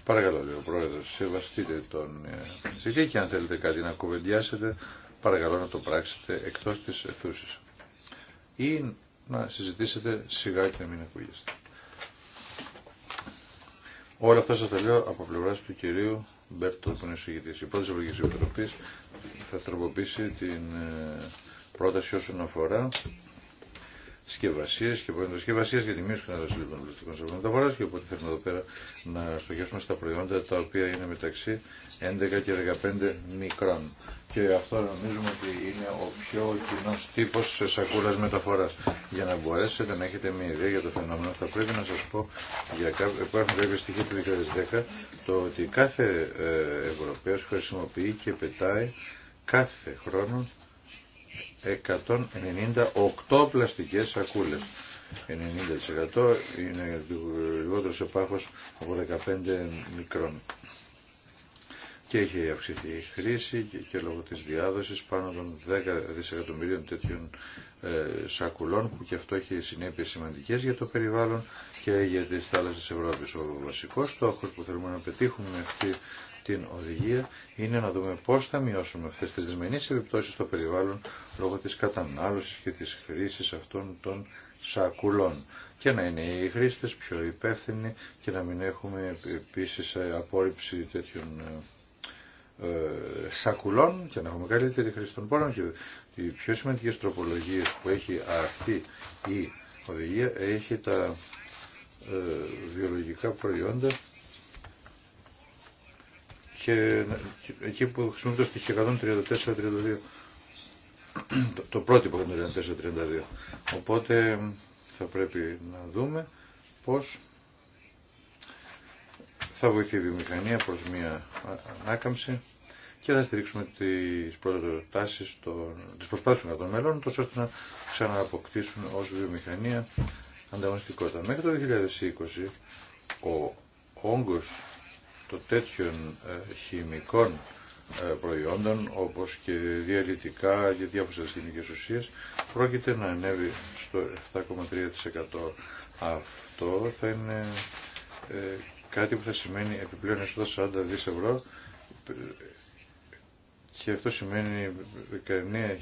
Παρακαλώ, λέει ο Πρόεδρος, σεβαστείτε τον ε, εισηγητή και αν θέλετε κάτι να κουβεντιάσετε, παρακαλώ να το πράξετε εκτός της αιθούσης. Ή να συζητήσετε σιγά και να μην ακούγεστε. Όλα αυτά σας τα λέω από πλευρά του κυρίου Μπέρτο που είναι συγητής. Η πρώτη Ευρωπαϊκή Επιτροπή θα τροποποιήσει την ε, πρόταση όσον αφορά σκευασίε και προϊόντα συσκευασία για τη μείωση των αδρασίλων των πλαστικών σε Και οπότε θέλουμε εδώ πέρα να στοχεύσουμε στα προϊόντα τα οποία είναι μεταξύ 11 και 15 μικρών. Και αυτό νομίζουμε ότι είναι ο πιο κοινό τύπο σακούλα μεταφορά. Για να μπορέσετε να έχετε μια ιδέα για το φαινόμενο, θα πρέπει να σα πω για κάποιο, υπάρχουν κάποια στοιχεία του 2010 το ότι κάθε ε, Ευρωπαίο χρησιμοποιεί και πετάει κάθε χρόνο 198 πλαστικές σακούλες. 90% είναι λιγότερο σε πάχος από 15 μικρών. Και έχει αυξηθεί η χρήση και, και λόγω της διάδοσης πάνω των 10 δισεκατομμυρίων τέτοιων ε, σακουλών που και αυτό έχει συνέπειες σημαντικές για το περιβάλλον και για τις θάλασσες Ευρώπης. Ο βασικός στόχος που θέλουμε να πετύχουμε με αυτή την οδηγία είναι να δούμε πώς θα μειώσουμε αυτές τις δυσμενείς επιπτώσεις στο περιβάλλον λόγω της κατανάλωσης και της χρήσης αυτών των σακουλών και να είναι οι χρήστες πιο υπεύθυνοι και να μην έχουμε επίσης απόρριψη τέτοιων ε, ε, σακουλών και να έχουμε καλύτερη χρήση των πόρων και οι πιο σημαντικές τροπολογίες που έχει αυτή η οδηγία έχει τα ε, βιολογικά προϊόντα και εκεί που χρησιμοποιούν το στοιχείο 134-32. Το, το πρότυπο 134-32. Οπότε θα πρέπει να δούμε πώς θα βοηθεί η βιομηχανία προς μια ανάκαμψη και θα στηρίξουμε τις προτάσεις, τις προσπάθειες των μελών, τόσο ώστε να ξανααποκτήσουν ως βιομηχανία ανταγωνιστικότητα. Μέχρι το 2020 ο όγκος το τέτοιων ε, χημικών ε, προϊόντων όπως και διαλυτικά και διάφορες χημικές ουσίες πρόκειται να ανέβει στο 7,3%. Αυτό θα είναι ε, κάτι που θα σημαίνει επιπλέον έσοδα 40 δις ευρώ και αυτό σημαίνει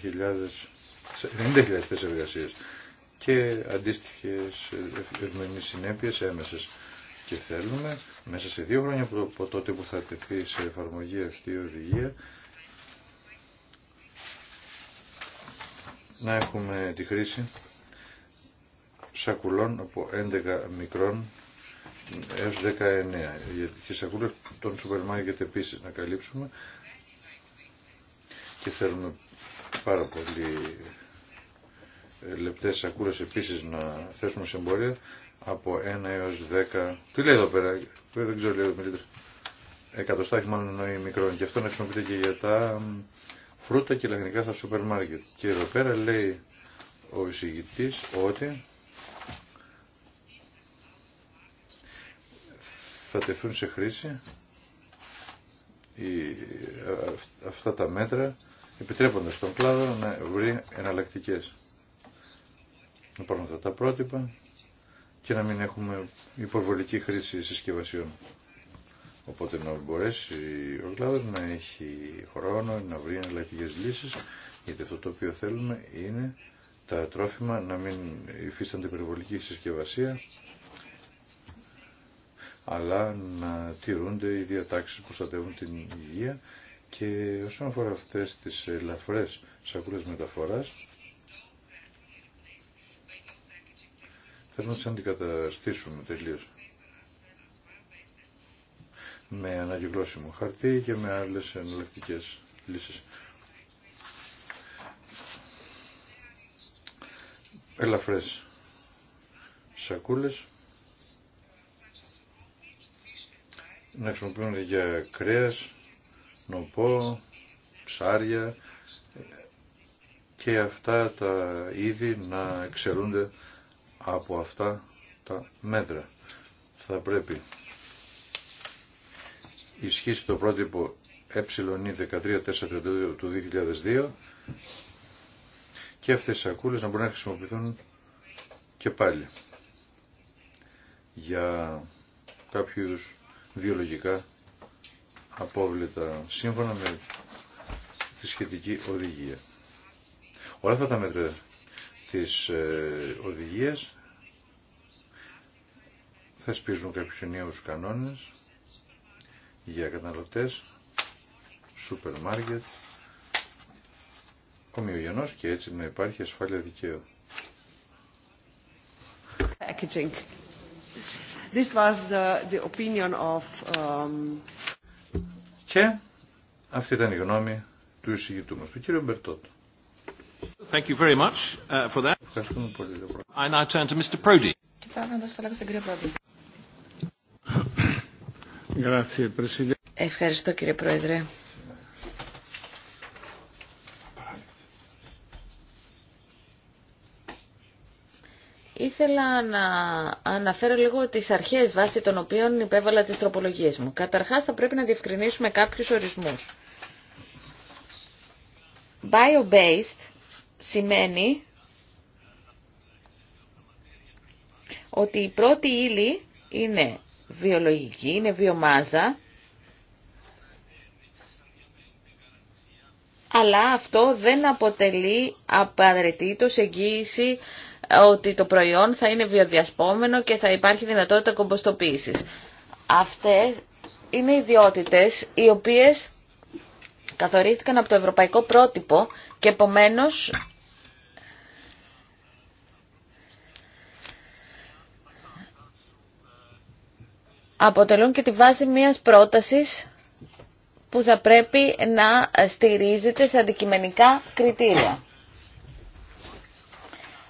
90.000 θέσεις και αντίστοιχες ευμενείς συνέπειες έμεσες και θέλουμε μέσα σε δύο χρόνια από τότε που θα τεθεί σε εφαρμογή αυτή η οδηγία να έχουμε τη χρήση σακουλών από 11 μικρών έως 19 γιατί και σακούλες των σούπερ μάρκετ επίσης να καλύψουμε και θέλουμε πάρα πολύ ε, λεπτές σακούλες επίσης να θέσουμε σε εμπορία από 1 έως 10, τι λέει εδώ πέρα, δεν ξέρω λέει μάλλον εννοεί και αυτό να χρησιμοποιείται και για τα φρούτα και λαχανικά στα σούπερ μάρκετ. Και εδώ πέρα λέει ο εισηγητή ότι θα τεθούν σε χρήση αυτά τα μέτρα επιτρέποντας στον κλάδο να βρει εναλλακτικές. Υπάρχουν αυτά τα πρότυπα και να μην έχουμε υπορβολική χρήση συσκευασιών. Οπότε να μπορέσει ο κλάδος να έχει χρόνο, να βρει εναλλακτικές λύσεις, γιατί αυτό το οποίο θέλουμε είναι τα τρόφιμα να μην υφίστανται περιβολική συσκευασία, αλλά να τηρούνται οι διατάξεις που στατεύουν την υγεία και όσον αφορά αυτές τις ελαφρές σακούλες μεταφοράς, Θέλουμε να τις αντικαταστήσουμε τελείως. Με ανακυκλώσιμο χαρτί και με άλλες εναλλακτικές λύσεις. Ελαφρές σακούλες. Να χρησιμοποιούν για κρέας, νοπό, ψάρια και αυτά τα είδη να εξαιρούνται από αυτά τα μέτρα. Θα πρέπει ισχύσει το πρότυπο 13432 του 2002 και αυτές οι σακούλες να μπορούν να χρησιμοποιηθούν και πάλι για κάποιους βιολογικά απόβλητα σύμφωνα με τη σχετική οδηγία. Όλα αυτά τα μέτρα της ε, οδηγίας θεσπίζουν κάποιους νέους κανόνες για καταναλωτές, σούπερ μάρκετ, ομοιογενός και έτσι να υπάρχει ασφάλεια δικαίου. This was the, the opinion of, um... Και αυτή ήταν η γνώμη του εισηγητού μας, του κύριου Μπερτότου. Thank you very much uh, for that. Ευχαριστούμε πολύ. I now turn to Mr. Prodi. Και τώρα να δώσω το λόγο Ευχαριστώ κύριε Πρόεδρε. Ήθελα να αναφέρω λίγο τις αρχές βάσει των οποίων υπέβαλα τις τροπολογίες μου. Καταρχάς θα πρέπει να διευκρινίσουμε κάποιους ορισμούς. Bio-based σημαίνει ότι η πρώτη ύλη είναι βιολογική, είναι βιομάζα, αλλά αυτό δεν αποτελεί απαραίτητο εγγύηση ότι το προϊόν θα είναι βιοδιασπόμενο και θα υπάρχει δυνατότητα κομποστοποίησης. Αυτές είναι ιδιότητες οι οποίες καθορίστηκαν από το ευρωπαϊκό πρότυπο και επομένως αποτελούν και τη βάση μιας πρότασης που θα πρέπει να στηρίζεται σε αντικειμενικά κριτήρια.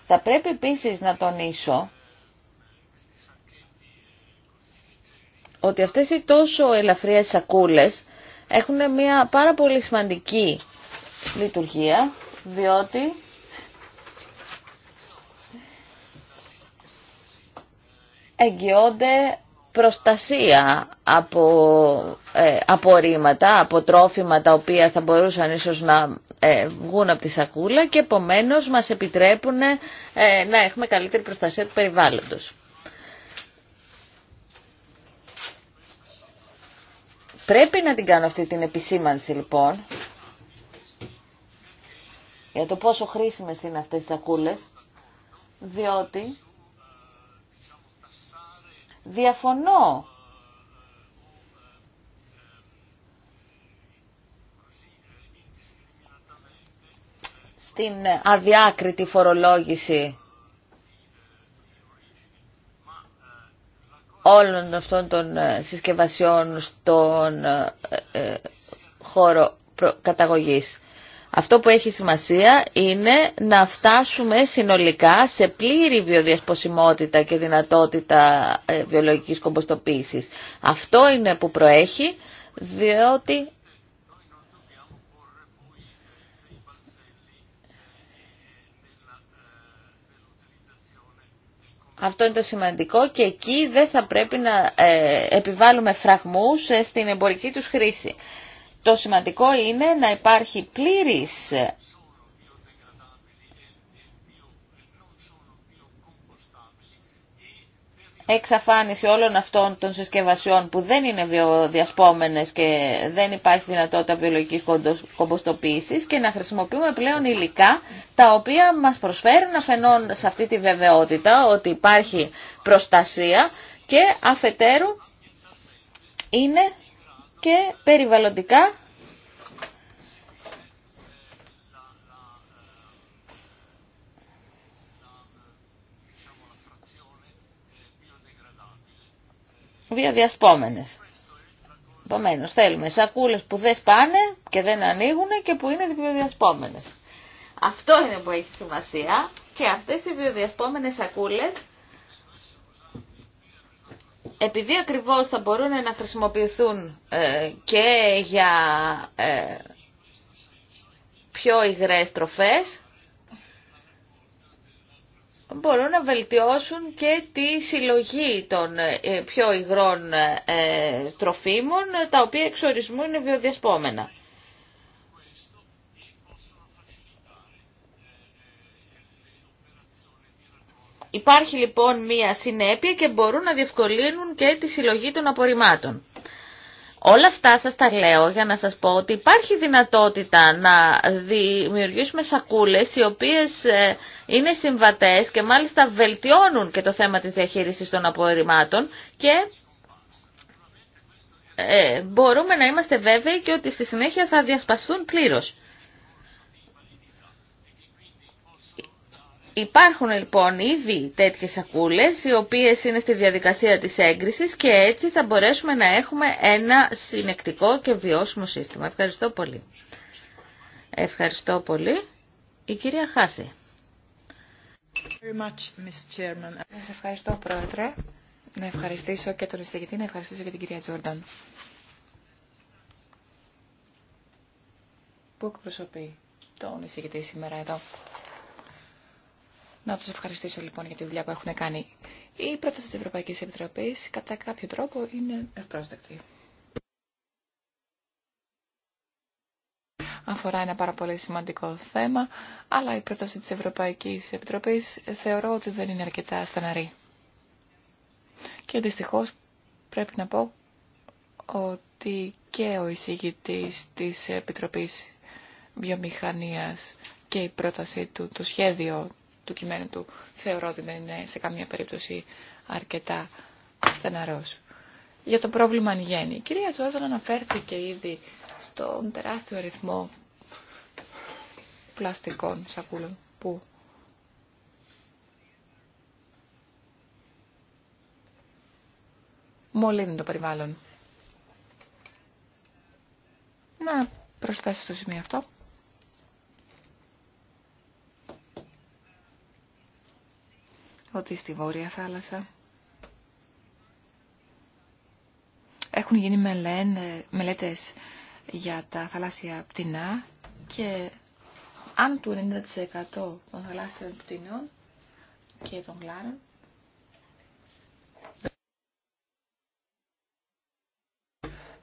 Θα πρέπει επίσης να τονίσω ότι αυτές οι τόσο ελαφριές σακούλες έχουν μια πάρα πολύ σημαντική λειτουργία, διότι εγγυώνται προστασία από ε, απορρίμματα, από τρόφιμα τα οποία θα μπορούσαν ίσως να ε, βγουν από τη σακούλα και επομένως μας επιτρέπουν ε, να έχουμε καλύτερη προστασία του περιβάλλοντος. Πρέπει να την κάνω αυτή την επισήμανση λοιπόν για το πόσο χρήσιμες είναι αυτές οι σακούλες διότι Διαφωνώ. Στην αδιάκριτη φορολόγηση όλων αυτών των ε, συσκευασιών στον ε, ε, χώρο καταγωγής. Αυτό που έχει σημασία είναι να φτάσουμε συνολικά σε πλήρη βιοδιασποσιμότητα και δυνατότητα ε, βιολογικής κομποστοποίησης. Αυτό είναι που προέχει, διότι Αυτό είναι το σημαντικό και εκεί δεν θα πρέπει να ε, επιβάλλουμε φραγμούς ε, στην εμπορική τους χρήση. Το σημαντικό είναι να υπάρχει πλήρης εξαφάνιση όλων αυτών των συσκευασιών που δεν είναι βιοδιασπόμενες και δεν υπάρχει δυνατότητα βιολογικής κομποστοποίησης και να χρησιμοποιούμε πλέον υλικά τα οποία μας προσφέρουν αφενών σε αυτή τη βεβαιότητα ότι υπάρχει προστασία και αφετέρου είναι και περιβαλλοντικά βιαδιασπόμενες. Επομένω, θέλουμε σακούλες που δεν σπάνε και δεν ανοίγουν και που είναι βιοδιασπόμενες. Αυτό είναι που έχει σημασία και αυτές οι βιοδιασπόμενες σακούλες επειδή ακριβώς θα μπορούν να χρησιμοποιηθούν ε, και για ε, πιο υγρές τροφές, μπορούν να βελτιώσουν και τη συλλογή των ε, πιο υγρών τροφίμων, τα οποία εξορισμού είναι βιοδιασπόμενα. Υπάρχει λοιπόν μία συνέπεια και μπορούν να διευκολύνουν και τη συλλογή των απορριμμάτων. Όλα αυτά σας τα λέω για να σας πω ότι υπάρχει δυνατότητα να δημιουργήσουμε σακούλες οι οποίες ε, είναι συμβατές και μάλιστα βελτιώνουν και το θέμα της διαχείρισης των απορριμμάτων και ε, μπορούμε να είμαστε βέβαιοι και ότι στη συνέχεια θα διασπαστούν πλήρως. Υπάρχουν λοιπόν ήδη τέτοιες σακούλες οι οποίες είναι στη διαδικασία της έγκρισης και έτσι θα μπορέσουμε να έχουμε ένα συνεκτικό και βιώσιμο σύστημα. Ευχαριστώ πολύ. Ευχαριστώ πολύ. Η κυρία Χάση. Σας ευχαριστώ πρόεδρε. Να ευχαριστήσω και τον εισηγητή, να ευχαριστήσω και την κυρία Τζόρνταν. Πού εκπροσωπεί τον εισηγητή σήμερα εδώ. Να τους ευχαριστήσω λοιπόν για τη δουλειά που έχουν κάνει. Η πρόταση της Ευρωπαϊκής Επιτροπής κατά κάποιο τρόπο είναι ευπρόσδεκτη. Αφορά ένα πάρα πολύ σημαντικό θέμα, αλλά η πρόταση της Ευρωπαϊκής Επιτροπής θεωρώ ότι δεν είναι αρκετά στεναρή. Και δυστυχώ πρέπει να πω ότι και ο εισηγητής της Επιτροπής Βιομηχανίας και η πρότασή του, το σχέδιο του κειμένου του θεωρώ ότι δεν είναι σε καμία περίπτωση αρκετά στεναρός. Για το πρόβλημα αν γέννη. Η κυρία Τζόζαν αναφέρθηκε ήδη στον τεράστιο αριθμό πλαστικών σακούλων που μολύνουν το περιβάλλον. Να προσθέσω στο σημείο αυτό ότι στη Βόρεια Θάλασσα έχουν γίνει μελέτες για τα θαλάσσια πτηνά και αν του 90% των θαλάσσιων πτηνών και των γλάρων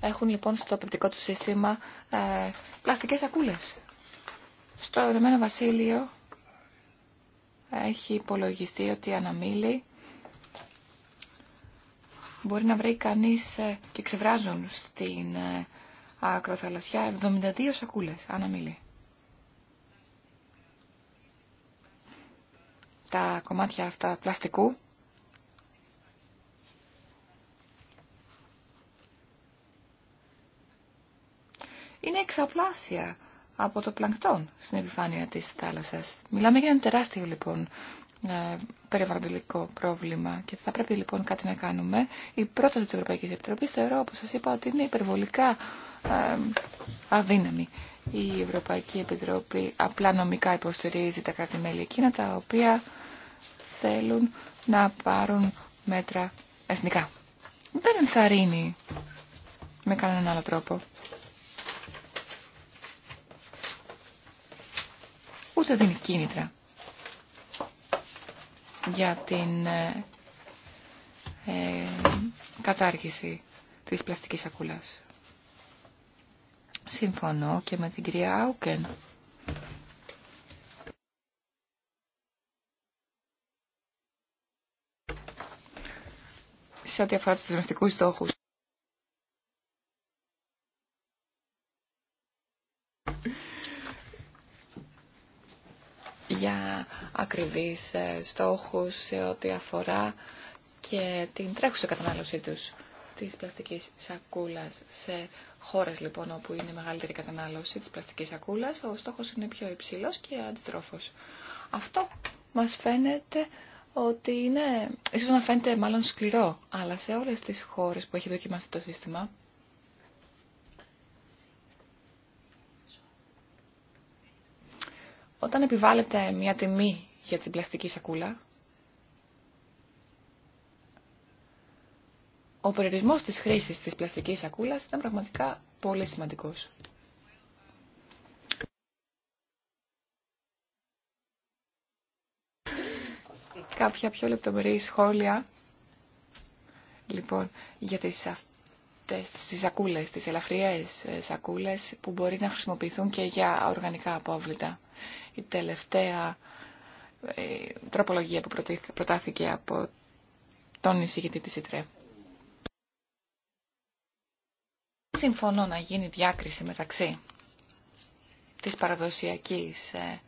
έχουν λοιπόν στο πεπτικό του σύστημα ε, πλαστικές σακούλες. Στο Ηνωμένο Βασίλειο έχει υπολογιστεί ότι αναμίλη μπορεί να βρει κανείς ε, και ξεβράζουν στην ε, ακροθαλασσιά 72 σακούλες αναμίλη. Τα κομμάτια αυτά πλαστικού είναι εξαπλάσια από το πλανκτόν στην επιφάνεια της θάλασσας. Μιλάμε για ένα τεράστιο λοιπόν ε, περιβαλλοντικό πρόβλημα και θα πρέπει λοιπόν κάτι να κάνουμε. Η πρόταση της Ευρωπαϊκής Επιτροπής θεωρώ, όπως σας είπα, ότι είναι υπερβολικά ε, αδύναμη. Η Ευρωπαϊκή Επιτροπή απλά νομικά υποστηρίζει τα κράτη-μέλη εκείνα τα οποία θέλουν να πάρουν μέτρα εθνικά. Δεν ενθαρρύνει με κανέναν άλλο τρόπο. ούτε δίνει κίνητρα για την ε, ε, κατάργηση της πλαστικής σακούλας. Συμφωνώ και με την κυρία Άουκεν. Σε ό,τι αφορά τους δεσμευτικούς στόχους. ακριβείς ε, στόχους σε ό,τι αφορά και την τρέχουσα κατανάλωσή τους της πλαστικής σακούλας. Σε χώρες λοιπόν όπου είναι μεγαλύτερη η κατανάλωση της πλαστικής σακούλας, ο στόχος είναι πιο υψηλός και αντιστρόφος. Αυτό μας φαίνεται ότι είναι, ίσως να φαίνεται μάλλον σκληρό, αλλά σε όλες τις χώρες που έχει δοκιμαστεί το σύστημα, Όταν επιβάλλεται μια τιμή για την πλαστική σακούλα, ο περιορισμός της χρήσης της πλαστικής σακούλας ήταν πραγματικά πολύ σημαντικός. Κάποια πιο λεπτομερή σχόλια, λοιπόν, για τις τις σακούλες, τις ελαφριές ε, σακούλες που μπορεί να χρησιμοποιηθούν και για οργανικά απόβλητα. Η τελευταία ε, τροπολογία που προτάθηκε από τον εισηγητή της ΙΤΡΕ. Συμφωνώ να γίνει διάκριση μεταξύ της παραδοσιακής ε,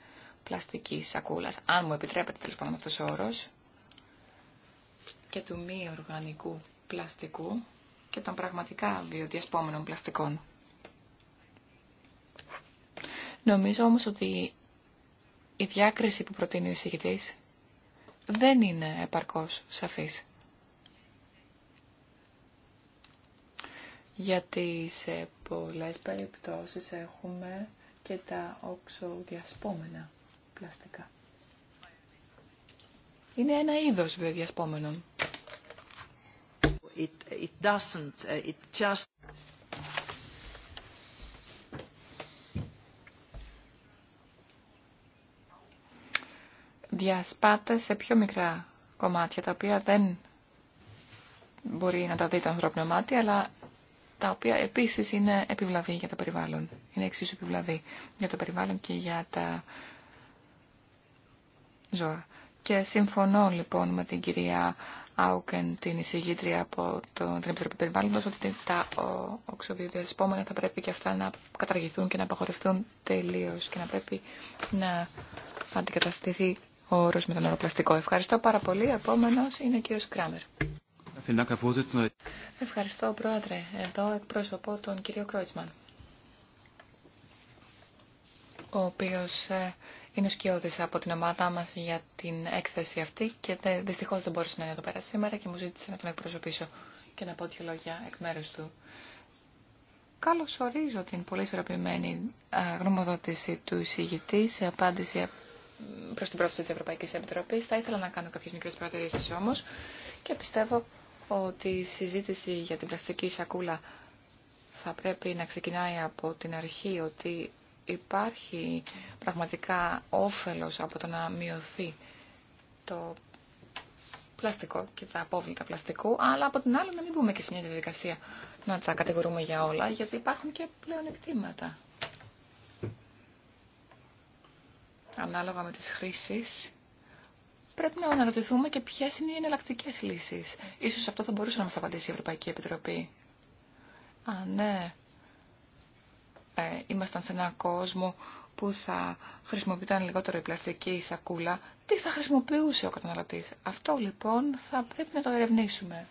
πλαστικής σακούλας, αν μου επιτρέπετε τέλος πάντων αυτός ο όρος, και του μη οργανικού πλαστικού και των πραγματικά βιοδιασπόμενων πλαστικών. Νομίζω όμως ότι η διάκριση που προτείνει ο εισηγητής δεν είναι επαρκώς σαφής. Γιατί σε πολλές περιπτώσεις έχουμε και τα οξοδιασπόμενα πλαστικά. Είναι ένα είδος βιοδιασπόμενων. it doesn't, uh, διασπάται σε πιο μικρά κομμάτια, τα οποία δεν μπορεί να τα δει το ανθρώπινο μάτι, αλλά τα οποία επίσης είναι επιβλαβή για το περιβάλλον. Είναι εξίσου επιβλαβή για το περιβάλλον και για τα ζώα. Και συμφωνώ λοιπόν με την κυρία Άουκεν, την εισηγήτρια από το, την Επιτροπή Περιβάλλοντος, ότι τα οξοβιοδιασπόμενα θα πρέπει και αυτά να καταργηθούν και να απαγορευτούν τελείως και να πρέπει να αντικαταστηθεί με τον Ευχαριστώ πάρα πολύ. Επόμενο είναι ο κύριο Κράμερ. Ευχαριστώ, Πρόεδρε. Εδώ εκπροσωπώ τον κύριο Κρόιτσμαν, ο οποίος ε, είναι ο από την ομάδα μα για την έκθεση αυτή και δυστυχώ δεν μπορούσε να είναι εδώ πέρα σήμερα και μου ζήτησε να τον εκπροσωπήσω και να πω δύο λόγια εκ μέρου του. Καλώς ορίζω την πολύ ισορροπημένη ε, γνωμοδότηση του εισηγητή σε απάντηση Προ την πρόθεση τη Ευρωπαϊκή Επιτροπή, Θα ήθελα να κάνω κάποιε μικρέ παρατηρήσει όμω και πιστεύω ότι η συζήτηση για την πλαστική σακούλα θα πρέπει να ξεκινάει από την αρχή ότι υπάρχει πραγματικά όφελος από το να μειωθεί το πλαστικό και τα απόβλητα πλαστικού, αλλά από την άλλη να μην μπούμε και σε μια διαδικασία να τα κατηγορούμε για όλα, γιατί υπάρχουν και πλέον εκτήματα. ανάλογα με τις χρήσεις, πρέπει να αναρωτηθούμε και ποιες είναι οι εναλλακτικέ λύσεις. Ίσως αυτό θα μπορούσε να μας απαντήσει η Ευρωπαϊκή Επιτροπή. Α, ναι. Ε, ήμασταν σε έναν κόσμο που θα χρησιμοποιούνταν λιγότερο η πλαστική η σακούλα. Τι θα χρησιμοποιούσε ο καταναλωτής. Αυτό λοιπόν θα πρέπει να το ερευνήσουμε.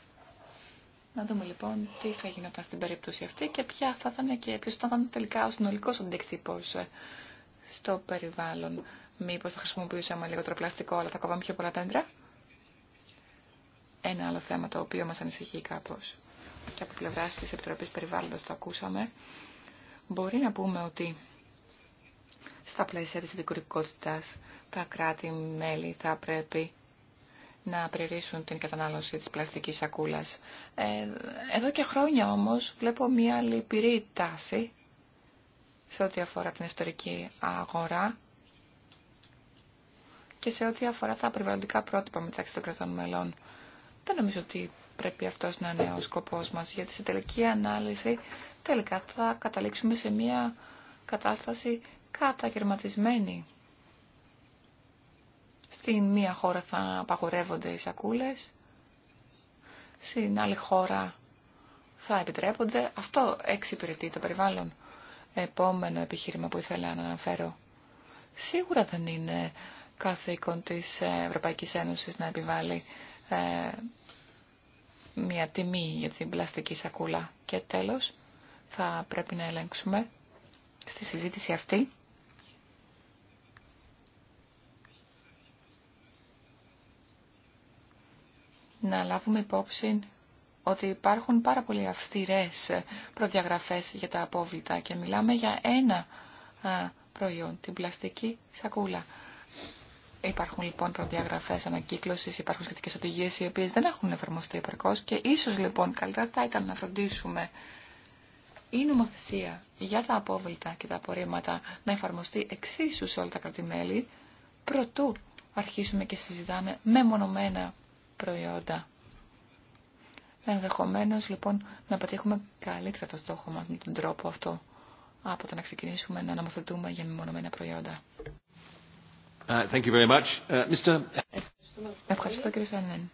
Να δούμε λοιπόν τι θα γινόταν στην περίπτωση αυτή και ποια θα ήταν και ποιο θα ήταν τελικά ο συνολικό αντίκτυπο στο περιβάλλον. Μήπως θα χρησιμοποιούσαμε λιγότερο πλαστικό, αλλά θα κόβαμε πιο πολλά δέντρα. Ένα άλλο θέμα το οποίο μας ανησυχεί κάπως και από πλευρά της Επιτροπής Περιβάλλοντος το ακούσαμε. Μπορεί να πούμε ότι στα πλαίσια της δικουρικότητας τα κράτη-μέλη θα πρέπει να περιορίσουν την κατανάλωση της πλαστικής σακούλας. Ε, εδώ και χρόνια όμως βλέπω μια λυπηρή τάση σε ό,τι αφορά την ιστορική αγορά και σε ό,τι αφορά τα περιβαλλοντικά πρότυπα μεταξύ των κρατών μελών. Δεν νομίζω ότι πρέπει αυτός να είναι ο σκοπό μας, γιατί σε τελική ανάλυση τελικά θα καταλήξουμε σε μια κατάσταση κατακαιρματισμένη. Στην μία χώρα θα απαγορεύονται οι σακούλες, στην άλλη χώρα θα επιτρέπονται. Αυτό εξυπηρετεί το περιβάλλον επόμενο επιχείρημα που ήθελα να αναφέρω. Σίγουρα δεν είναι καθήκον της ε, Ευρωπαϊκής Ένωσης να επιβάλλει ε, μια τιμή για την πλαστική σακούλα. Και τέλος, θα πρέπει να ελέγξουμε στη συζήτηση αυτή να λάβουμε υπόψη ότι υπάρχουν πάρα πολύ αυστηρές προδιαγραφές για τα απόβλητα και μιλάμε για ένα προϊόν, την πλαστική σακούλα. Υπάρχουν λοιπόν προδιαγραφές ανακύκλωσης, υπάρχουν σχετικές οδηγίες οι οποίες δεν έχουν εφαρμοστεί επαρκώς και ίσως λοιπόν καλύτερα θα ήταν να φροντίσουμε η νομοθεσία για τα απόβλητα και τα απορρίμματα να εφαρμοστεί εξίσου σε όλα τα κρατημέλη, προτού αρχίσουμε και συζητάμε μεμονωμένα προϊόντα. Ενδεχομένω λοιπόν να πετύχουμε καλύτερα το στόχο μα με τον τρόπο αυτό από το να ξεκινήσουμε να νομοθετούμε για μεμονωμένα προϊόντα. Uh, uh, Ευχαριστώ κύριε Φανέν.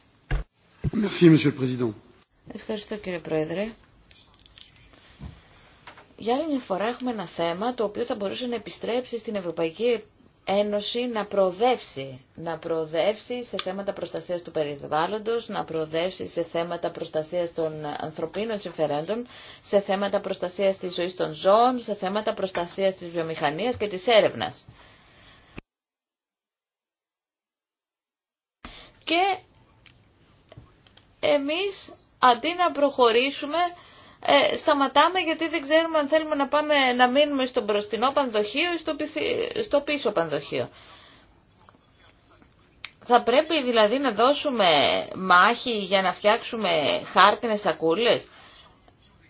Ευχαριστώ κύριε Πρόεδρε. Για άλλη μια φορά έχουμε ένα θέμα το οποίο θα μπορούσε να επιστρέψει στην Ευρωπαϊκή Ένωση να προοδεύσει, να προοδεύσει σε θέματα προστασίας του περιβάλλοντος, να προοδεύσει σε θέματα προστασίας των ανθρωπίνων συμφεράντων, σε θέματα προστασίας της ζωής των ζώων, σε θέματα προστασίας της βιομηχανίας και της έρευνας. Και εμείς αντί να προχωρήσουμε ε, σταματάμε γιατί δεν ξέρουμε αν θέλουμε να, πάμε, να μείνουμε στο μπροστινό πανδοχείο ή στο, πίσω πανδοχείο. Θα πρέπει δηλαδή να δώσουμε μάχη για να φτιάξουμε χάρτινες σακούλες.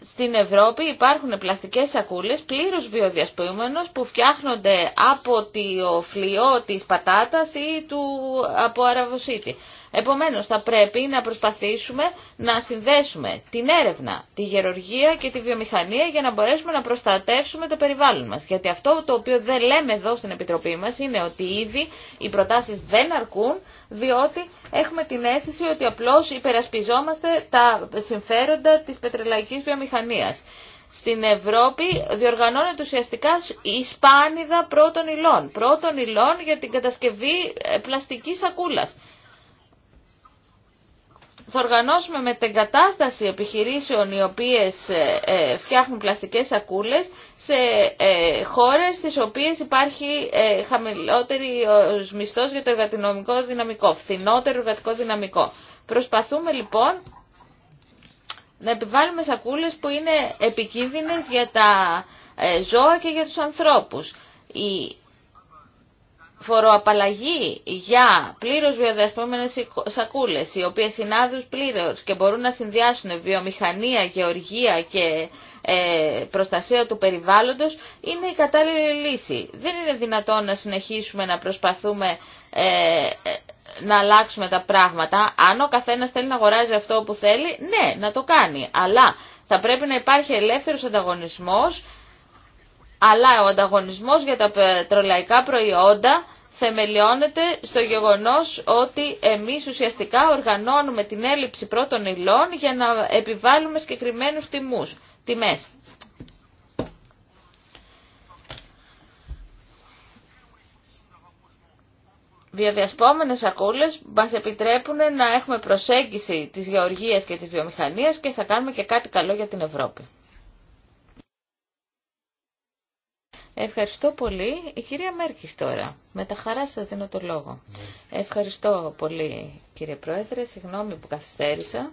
Στην Ευρώπη υπάρχουν πλαστικές σακούλες πλήρως βιοδιασπούμενος που φτιάχνονται από το φλοιό της πατάτας ή του, από αραβοσίτη. Επομένως θα πρέπει να προσπαθήσουμε να συνδέσουμε την έρευνα, τη γεωργία και τη βιομηχανία για να μπορέσουμε να προστατεύσουμε το περιβάλλον μας. Γιατί αυτό το οποίο δεν λέμε εδώ στην Επιτροπή μας είναι ότι ήδη οι προτάσεις δεν αρκούν διότι έχουμε την αίσθηση ότι απλώς υπερασπιζόμαστε τα συμφέροντα της πετρελαϊκής βιομηχανίας στην Ευρώπη διοργανώνεται ουσιαστικά η σπάνιδα πρώτων υλών. Πρώτων υλών για την κατασκευή ε, πλαστικής σακούλας θα οργανώσουμε με την κατάσταση επιχειρήσεων οι οποίες ε, ε, φτιάχνουν πλαστικές σακούλες σε ε, χώρες στις οποίες υπάρχει χαμηλότερη μισθός για το εργατινομικό δυναμικό, φθηνότερο εργατικό δυναμικό. Προσπαθούμε λοιπόν να επιβάλλουμε σακούλες που είναι επικίνδυνες για τα ζώα και για τους ανθρώπους. Η φοροαπαλλαγή για πλήρως βιοδεσπόμενες σακούλες, οι οποίες συνάδουν πλήρως και μπορούν να συνδυάσουν βιομηχανία, γεωργία και ε, προστασία του περιβάλλοντος, είναι η κατάλληλη λύση. Δεν είναι δυνατόν να συνεχίσουμε να προσπαθούμε ε, να αλλάξουμε τα πράγματα. Αν ο καθένας θέλει να αγοράζει αυτό που θέλει, ναι, να το κάνει. Αλλά θα πρέπει να υπάρχει ελεύθερος ανταγωνισμός αλλά ο ανταγωνισμός για τα πετρολαϊκά προϊόντα θεμελιώνεται στο γεγονός ότι εμείς ουσιαστικά οργανώνουμε την έλλειψη πρώτων υλών για να επιβάλλουμε συγκεκριμένους τιμούς, τιμές. Διαδιασπόμενες ακούλες μας επιτρέπουν να έχουμε προσέγγιση της γεωργίας και της βιομηχανίας και θα κάνουμε και κάτι καλό για την Ευρώπη. Ευχαριστώ πολύ. Η κυρία Μέρκη τώρα. Με τα χαρά σας δίνω το λόγο. Ναι. Ευχαριστώ πολύ κύριε Πρόεδρε. Συγγνώμη που καθυστέρησα.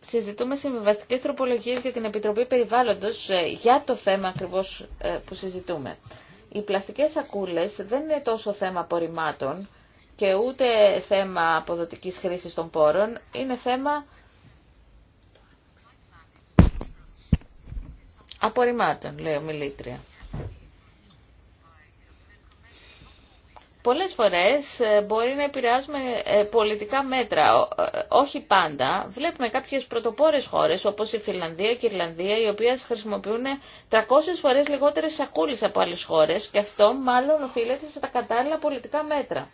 Συζητούμε συμβιβαστικέ τροπολογίε για την Επιτροπή Περιβάλλοντος ε, για το θέμα ακριβώς ε, που συζητούμε. Οι πλαστικές σακούλες δεν είναι τόσο θέμα απορριμμάτων και ούτε θέμα αποδοτική χρήση των πόρων. Είναι θέμα Απορριμμάτων, λέει ο Μιλήτρια. Πολλές φορές ε, μπορεί να επηρεάζουμε ε, πολιτικά μέτρα, ε, όχι πάντα. Βλέπουμε κάποιες πρωτοπόρες χώρες όπως η Φιλανδία και η Ιρλανδία οι οποίες χρησιμοποιούν 300 φορές λιγότερες σακούλες από άλλες χώρες και αυτό μάλλον οφείλεται σε τα κατάλληλα πολιτικά μέτρα.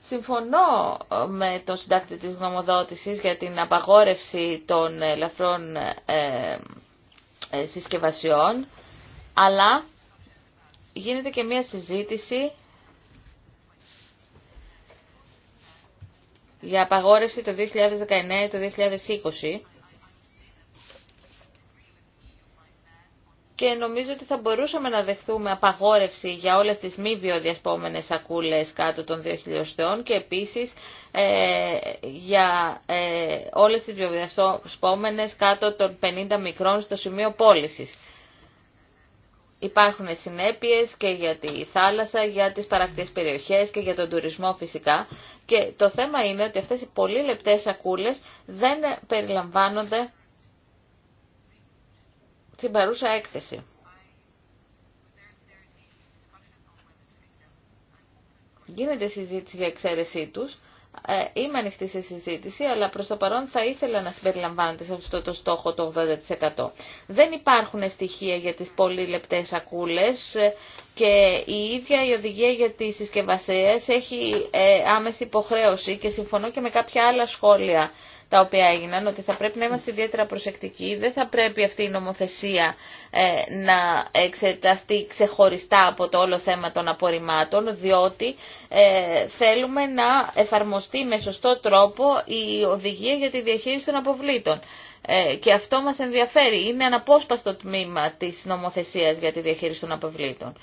Συμφωνώ με το συντάκτη της γνωμοδότησης για την απαγόρευση των ελαφρών ε, συσκευασιών, αλλά γίνεται και μία συζήτηση για απαγόρευση το 2019 το 2020 και νομίζω ότι θα μπορούσαμε να δεχθούμε απαγόρευση για όλες τις μη βιοδιασπόμενες σακούλες κάτω των 2.000 χιλιοστών και επίσης ε, για ε, όλες τις βιοδιασπόμενες κάτω των 50 μικρών στο σημείο πώλησης. Υπάρχουν συνέπειες και για τη θάλασσα, για τις παρακτές περιοχές και για τον τουρισμό φυσικά. Και το θέμα είναι ότι αυτές οι πολύ λεπτές σακούλες δεν περιλαμβάνονται την παρούσα έκθεση. Γίνεται συζήτηση για εξαίρεσή τους. Ε, είμαι ανοιχτή σε συζήτηση, αλλά προς το παρόν θα ήθελα να συμπεριλαμβάνεται σε αυτό το στόχο το 80%. Δεν υπάρχουν στοιχεία για τις πολύ λεπτές σακούλες ε, και η ίδια η οδηγία για τις συσκευασίες έχει ε, άμεση υποχρέωση και συμφωνώ και με κάποια άλλα σχόλια τα οποία έγιναν, ότι θα πρέπει να είμαστε ιδιαίτερα προσεκτικοί. Δεν θα πρέπει αυτή η νομοθεσία ε, να εξεταστεί ξεχωριστά από το όλο θέμα των απορριμμάτων, διότι ε, θέλουμε να εφαρμοστεί με σωστό τρόπο η οδηγία για τη διαχείριση των αποβλήτων. Ε, και αυτό μας ενδιαφέρει. Είναι αναπόσπαστο τμήμα της νομοθεσίας για τη διαχείριση των αποβλήτων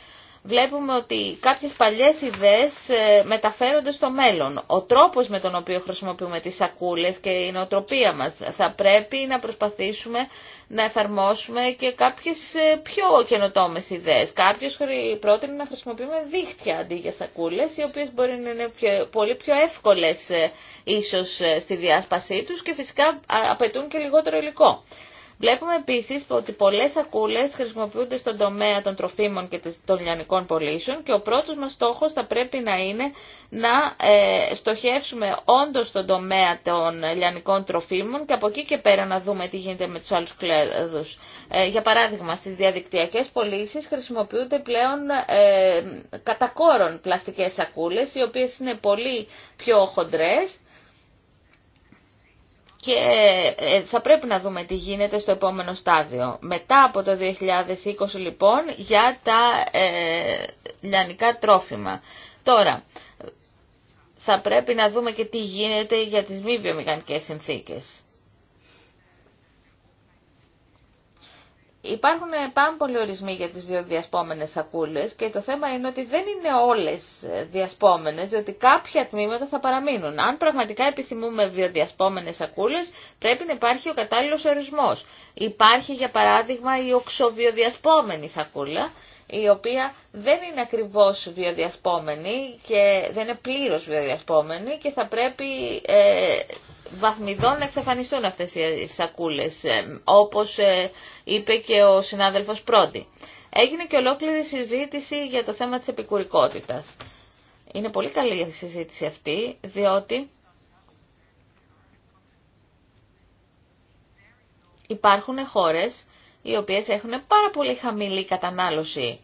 βλέπουμε ότι κάποιες παλιές ιδέες ε, μεταφέρονται στο μέλλον. Ο τρόπος με τον οποίο χρησιμοποιούμε τις σακούλες και η νοοτροπία μας θα πρέπει να προσπαθήσουμε να εφαρμόσουμε και κάποιες ε, πιο καινοτόμες ιδέες. Κάποιος πρότεινε να χρησιμοποιούμε δίχτυα αντί για σακούλες, οι οποίες μπορεί να είναι πολύ πιο εύκολες ε, ίσως στη διάσπασή τους και φυσικά απαιτούν και λιγότερο υλικό. Βλέπουμε επίσης ότι πολλές σακούλες χρησιμοποιούνται στον τομέα των τροφίμων και των λιανικών πωλήσεων και ο πρώτος μας στόχος θα πρέπει να είναι να ε, στοχεύσουμε όντως στον τομέα των λιανικών τροφίμων και από εκεί και πέρα να δούμε τι γίνεται με τους άλλου κλέδου. Ε, για παράδειγμα, στις διαδικτυακές πωλήσει χρησιμοποιούνται πλέον ε, κατά κόρον πλαστικές σακούλες, οι οποίε είναι πολύ πιο χοντρές και ε, θα πρέπει να δούμε τι γίνεται στο επόμενο στάδιο. Μετά από το 2020 λοιπόν για τα ε, λιανικά τρόφιμα. Τώρα, θα πρέπει να δούμε και τι γίνεται για τις μη βιομηχανικές συνθήκες. Υπάρχουν ε, πάρα πολλοί ορισμοί για τις βιοδιασπόμενες σακούλες και το θέμα είναι ότι δεν είναι όλες ε, διασπόμενες, διότι κάποια τμήματα θα παραμείνουν. Αν πραγματικά επιθυμούμε βιοδιασπόμενες σακούλες, πρέπει να υπάρχει ο κατάλληλος ορισμός. Υπάρχει, για παράδειγμα, η οξοβιοδιασπόμενη σακούλα, η οποία δεν είναι ακριβώς βιοδιασπόμενη και δεν είναι πλήρως βιοδιασπόμενη και θα πρέπει ε, βαθμιδών να εξαφανιστούν αυτές οι σακούλες, ε, όπως ε, είπε και ο συνάδελφος Πρόντι. Έγινε και ολόκληρη συζήτηση για το θέμα της επικουρικότητας. Είναι πολύ καλή η συζήτηση αυτή, διότι υπάρχουν χώρες οι οποίες έχουν πάρα πολύ χαμηλή κατανάλωση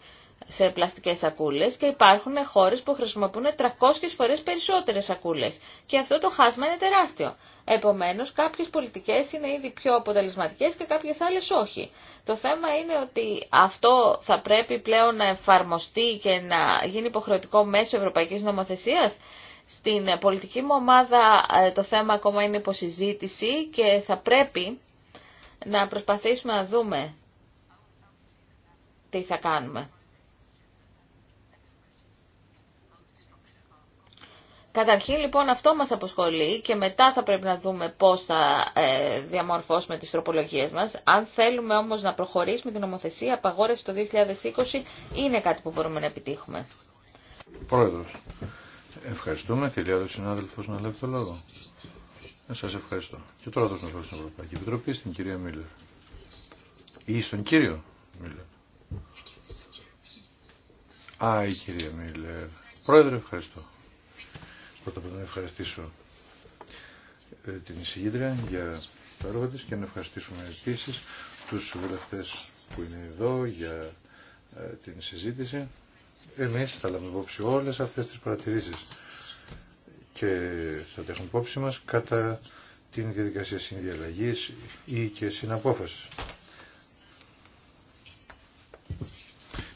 σε πλαστικές σακούλες και υπάρχουν χώρες που χρησιμοποιούν 300 φορές περισσότερες σακούλες. Και αυτό το χάσμα είναι τεράστιο. Επομένως, κάποιες πολιτικές είναι ήδη πιο αποτελεσματικέ και κάποιες άλλες όχι. Το θέμα είναι ότι αυτό θα πρέπει πλέον να εφαρμοστεί και να γίνει υποχρεωτικό μέσω ευρωπαϊκής νομοθεσίας. Στην πολιτική μου ομάδα ε, το θέμα ακόμα είναι υποσυζήτηση και θα πρέπει να προσπαθήσουμε να δούμε τι θα κάνουμε. Καταρχήν λοιπόν αυτό μας αποσχολεί και μετά θα πρέπει να δούμε πώς θα ε, διαμορφώσουμε τις τροπολογίες μας. Αν θέλουμε όμως να προχωρήσουμε την νομοθεσία απαγόρευση το 2020 είναι κάτι που μπορούμε να επιτύχουμε. Πρόεδρος, ευχαριστούμε. Θηλιάδος συνάδελφος να λάβει το λόγο. Ε, σας ευχαριστώ. Και τώρα το λόγο στην Ευρωπαϊκή Επιτροπή στην κυρία Μίλλερ. Ή στον κύριο Μίλλερ. Α, η κυρία Μίλλερ. Πρόεδρε, ευχαριστώ. Πρώτα απ' όλα να ευχαριστήσω ε, την εισηγήτρια για τα έργα της και να ευχαριστήσουμε επίσης τους βουλευτές που είναι εδώ για ε, την συζήτηση. Εμείς θα λάβουμε υπόψη όλες αυτές τις παρατηρήσεις και θα τα έχουμε υπόψη μας κατά την διαδικασία συνδιαλλαγής ή και συναπόφασης.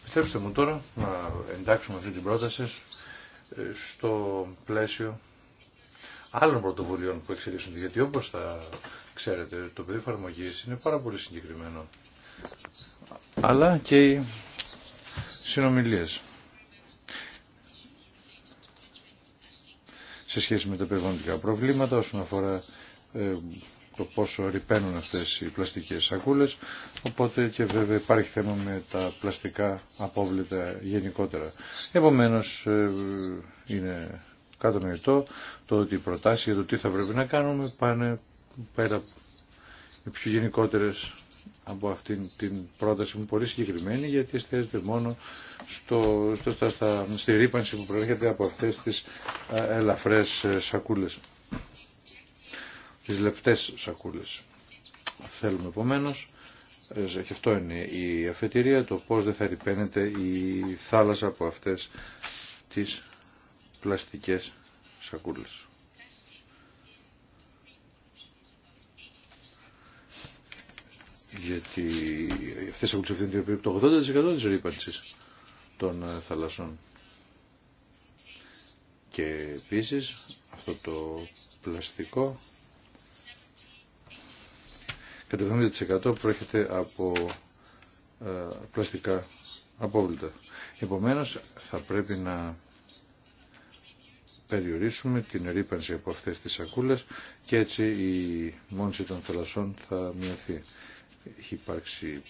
Επιτρέψτε μου τώρα να εντάξουμε αυτή την πρόταση ε, στο πλαίσιο άλλων πρωτοβουλειών που εξελίσσονται. Γιατί όπως θα ξέρετε το πεδίο εφαρμογή είναι πάρα πολύ συγκεκριμένο. Αλλά και οι συνομιλίες. Σε σχέση με τα περιβαλλοντικά προβλήματα όσον αφορά ε, το πόσο ρηπαίνουν αυτές οι πλαστικές σακούλες, οπότε και βέβαια υπάρχει θέμα με τα πλαστικά απόβλητα γενικότερα. Επομένως ε, είναι κάτω το ότι οι προτάσεις για το τι θα πρέπει να κάνουμε πάνε πέρα οι πιο γενικότερες από αυτήν την πρόταση μου πολύ συγκεκριμένη γιατί εστιάζεται μόνο στο, στο, στα, στα, στη ρήπανση που προέρχεται από αυτές τις ε, ελαφρές ε, σακούλες τις λεπτές σακούλες. Θέλουμε επομένω, ε, και αυτό είναι η αφετηρία, το πώς δεν θα ρηπαίνεται η θάλασσα από αυτές τις πλαστικές σακούλες. Γιατί αυτές οι σακούλες ευθύνουν το 80% της ρήπανσης των ε, θαλασσών. Και επίσης αυτό το πλαστικό το 70% προέρχεται από ε, πλαστικά απόβλητα. Επομένως θα πρέπει να περιορίσουμε την ρήπανση από αυτές τις σακούλες και έτσι η μόνιση των θαλασσών θα μειωθεί. Έχει υπάρξει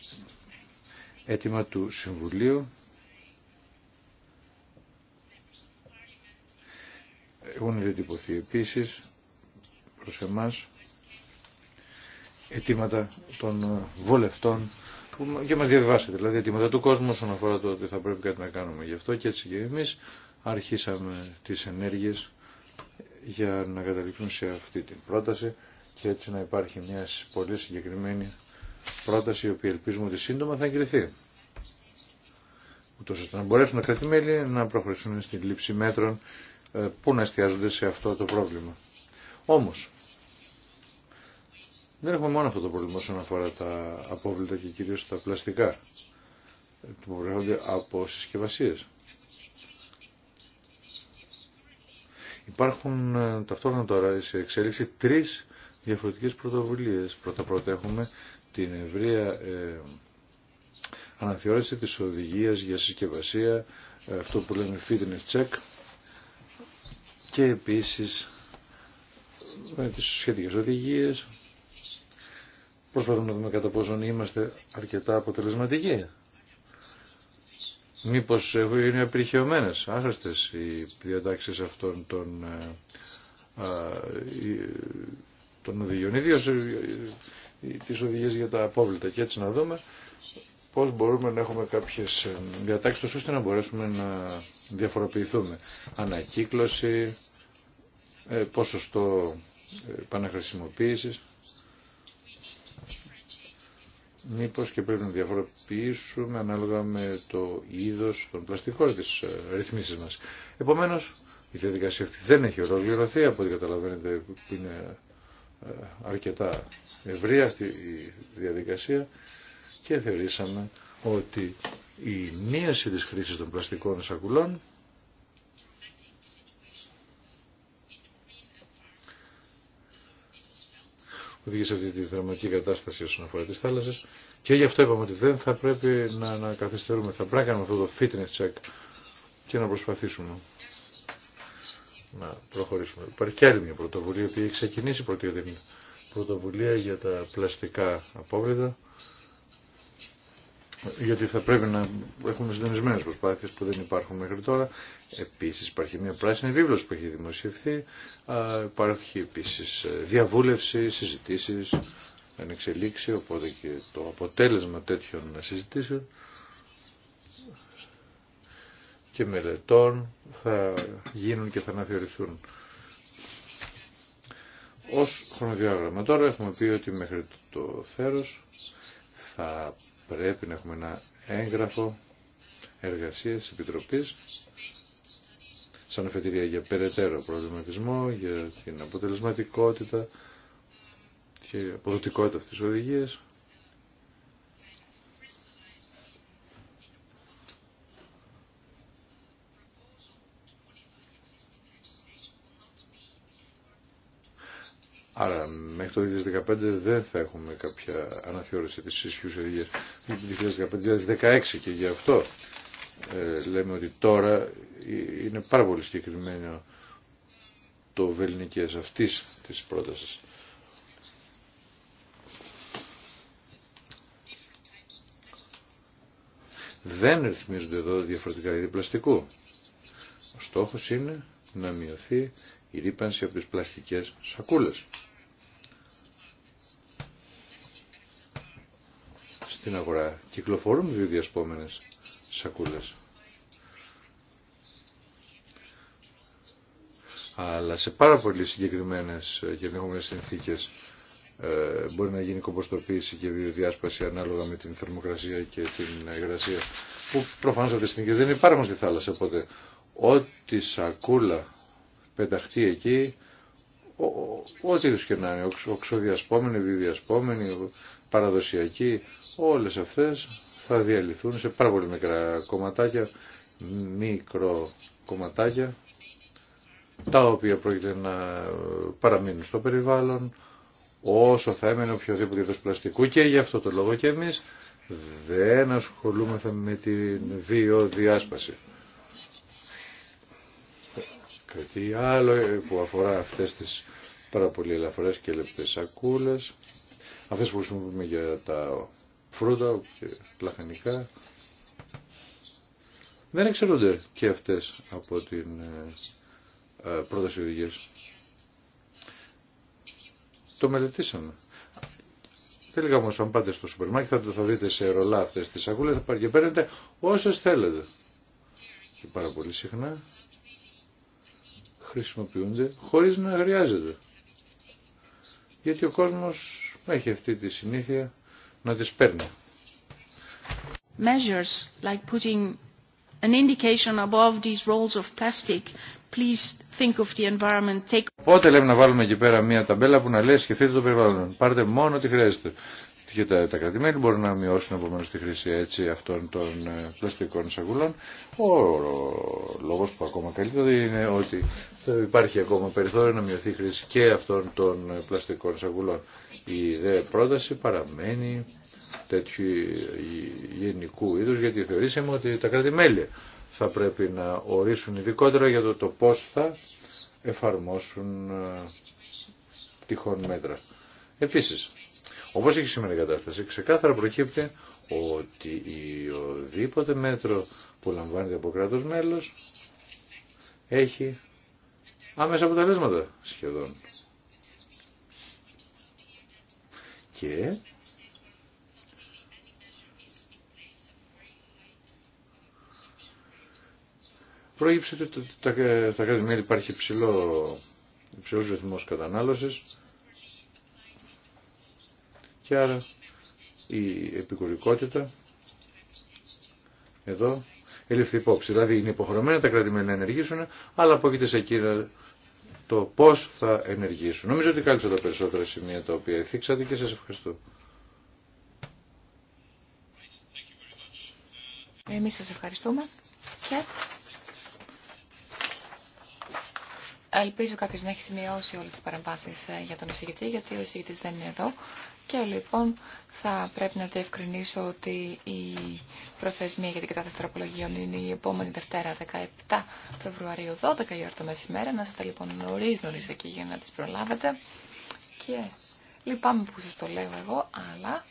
αίτημα του Συμβουλίου έχουν διατυπωθεί επίσης προς εμάς αιτήματα των ε, βουλευτών που και μας διαβιβάσετε, δηλαδή αιτήματα του κόσμου όσον αφορά το ότι θα πρέπει κάτι να κάνουμε. Γι' αυτό και έτσι και εμείς αρχίσαμε τις ενέργειες για να καταλήξουν σε αυτή την πρόταση και έτσι να υπάρχει μια πολύ συγκεκριμένη πρόταση η οποία ελπίζουμε ότι σύντομα θα εγκριθεί. Ούτως ώστε να μπορέσουν τα μέλη να προχωρήσουν στην λήψη μέτρων ε, που να εστιάζονται σε αυτό το πρόβλημα. Όμως, δεν έχουμε μόνο αυτό το πρόβλημα όσον αφορά τα απόβλητα και κυρίως τα πλαστικά που προέρχονται από συσκευασίε. Υπάρχουν ε, ταυτόχρονα τώρα σε εξέλιξη τρεις διαφορετικές πρωτοβουλίες. Πρώτα πρώτα έχουμε την ευρεία ε, αναθεώρηση της οδηγίας για συσκευασία, ε, αυτό που λέμε fitness check και επίσης με τις σχετικές οδηγίες Προσπαθούμε να δούμε κατά πόσον είμαστε αρκετά αποτελεσματικοί. Μήπως είναι απειριχαιωμένες, άχρηστες οι διατάξεις αυτών των, ε, ε, των οδηγιών. Ιδίως ε, τις οδηγίες για τα απόβλητα και έτσι να δούμε πώς μπορούμε να έχουμε κάποιες διατάξεις ώστε να μπορέσουμε να διαφοροποιηθούμε. Ανακύκλωση, ποσοστό επαναχρησιμοποίησης μήπως και πρέπει να διαφοροποιήσουμε ανάλογα με το είδος των πλαστικών της ε, ρυθμίσεις μας. Επομένως, η διαδικασία αυτή δεν έχει ολοκληρωθεί, από ό,τι καταλαβαίνετε είναι ε, αρκετά ευρία αυτή η διαδικασία και θεωρήσαμε ότι η μείωση της χρήσης των πλαστικών σακουλών οδηγεί αυτή τη δραματική κατάσταση όσον αφορά τι θάλασσε. Και γι' αυτό είπαμε ότι δεν θα πρέπει να, να καθυστερούμε. Θα πρέπει να κάνουμε αυτό το fitness check και να προσπαθήσουμε να προχωρήσουμε. Υπάρχει και άλλη μια πρωτοβουλία που έχει ξεκινήσει πρωτοβουλία για τα πλαστικά απόβλητα γιατί θα πρέπει να έχουμε συντονισμένε προσπάθειε που δεν υπάρχουν μέχρι τώρα. Επίσης υπάρχει μια πράσινη βίβλος που έχει δημοσιευθεί, υπάρχει επίσης ε, διαβούλευση, συζητήσεις, εξελίξει. οπότε και το αποτέλεσμα τέτοιων συζητήσεων και μελετών θα γίνουν και θα αναθεωρηθούν. Ως χρονοδιάγραμμα τώρα έχουμε πει ότι μέχρι το θέρος θα πρέπει να έχουμε ένα έγγραφο εργασίας της Επιτροπής σαν αφετηρία για περαιτέρω προβληματισμό, για την αποτελεσματικότητα και αποδοτικότητα αυτής της οδηγίας. Άρα μέχρι το 2015 δεν θα έχουμε κάποια αναθεώρηση της ισχύους οδηγίας. Το 2015-2016 και γι' αυτό ε, λέμε ότι τώρα ε, είναι πάρα πολύ συγκεκριμένο το βελνικές αυτής της πρότασης. Δεν ρυθμίζονται εδώ διαφορετικά είδη πλαστικού. Ο στόχος είναι να μειωθεί η ρήπανση από τις πλαστικές σακούλες. στην αγορά. Κυκλοφορούν δύο διασπόμενες σακούλες. Αλλά σε πάρα πολύ συγκεκριμένες ε, και ενδεχόμενες συνθήκες ε, μπορεί να γίνει κομποστοποίηση και βιοδιάσπαση ανάλογα με την θερμοκρασία και την υγρασία που προφανώς αυτές τις συνθήκες δεν υπάρχουν στη θάλασσα οπότε ό,τι σακούλα πεταχτεί εκεί ό,τι είδου και να είναι, οξοδιασπόμενοι, διδιασπόμενοι παραδοσιακοί, όλες αυτές θα διαλυθούν σε πάρα πολύ μικρά κομματάκια, μικρό κομματάκια, τα οποία πρόκειται να παραμείνουν στο περιβάλλον, όσο θα έμενε οποιοδήποτε είδος πλαστικού και γι' αυτό το λόγο και εμείς δεν ασχολούμεθα με την βιοδιάσπαση κάτι άλλο ε, που αφορά αυτές τις πάρα πολύ ελαφρε και λεπτές σακούλες, αυτές που χρησιμοποιούμε για τα φρούτα και λαχανικά. Δεν εξαιρούνται και αυτές από την ε, ε, πρόταση οδηγίας. Το μελετήσαμε. Τελικά όμως αν πάτε στο σούπερ μάρκετ θα, θα δείτε σε ρολά αυτές τις σακούλες θα και παίρνετε όσες θέλετε. Και πάρα πολύ συχνά χρησιμοποιούνται χωρίς να χρειάζεται. Γιατί ο κόσμος έχει αυτή τη συνήθεια να τις παίρνει. Measures like putting an indication above these rolls of plastic, please think of the environment. Take... Πότε λέμε να βάλουμε εκεί πέρα μια ταμπέλα που να λέει σκεφτείτε το περιβάλλον. Πάρτε μόνο ό,τι χρειάζεται και τα, τα κρατημέλη μπορούν να μειώσουν επομένω τη χρήση έτσι αυτών των ε, πλαστικών σαγούλων. Ο, λόγος που ακόμα καλύτερο είναι ότι θα ε, υπάρχει ακόμα περιθώριο να μειωθεί η χρήση και αυτών των ε, πλαστικών σαγούλων. Η δε πρόταση παραμένει τέτοιου γενικού είδους γιατί θεωρήσαμε ότι τα κρατημέλη θα πρέπει να ορίσουν ειδικότερα για το, το πώς θα εφαρμόσουν τυχόν μέτρα. Επίσης, όπως έχει σήμερα η κατάσταση, ξεκάθαρα προκύπτει ότι η οδήποτε μέτρο που λαμβάνεται από κράτος μέλος έχει άμεσα αποτελέσματα σχεδόν. Και Προήψε ότι τα, τα, τα κράτη-μέλη υπάρχει υψηλό, υψηλός ρυθμός κατανάλωσης και άρα η επικουρικότητα εδώ ελήφθη υπόψη. Δηλαδή είναι υποχρεωμένα τα κρατημένα να ενεργήσουν, αλλά απόκειται σε εκείνα το πώς θα ενεργήσουν. Νομίζω ότι κάλυψα τα περισσότερα σημεία τα οποία εθίξατε και σα ευχαριστώ. Εμείς σας ευχαριστούμε Ελπίζω κάποιος να έχει σημειώσει όλες τις παρεμβάσεις ε, για τον εισηγητή, γιατί ο εισηγητής δεν είναι εδώ. Και λοιπόν θα πρέπει να διευκρινίσω ότι η προθεσμία για την κατάθεση τροπολογίων είναι η επόμενη Δευτέρα 17 Φεβρουαρίου 12 η ώρα το μεσημέρι. Να είστε λοιπόν νωρί νωρίς εκεί για να τις προλάβετε. Και λυπάμαι που σας το λέω εγώ, αλλά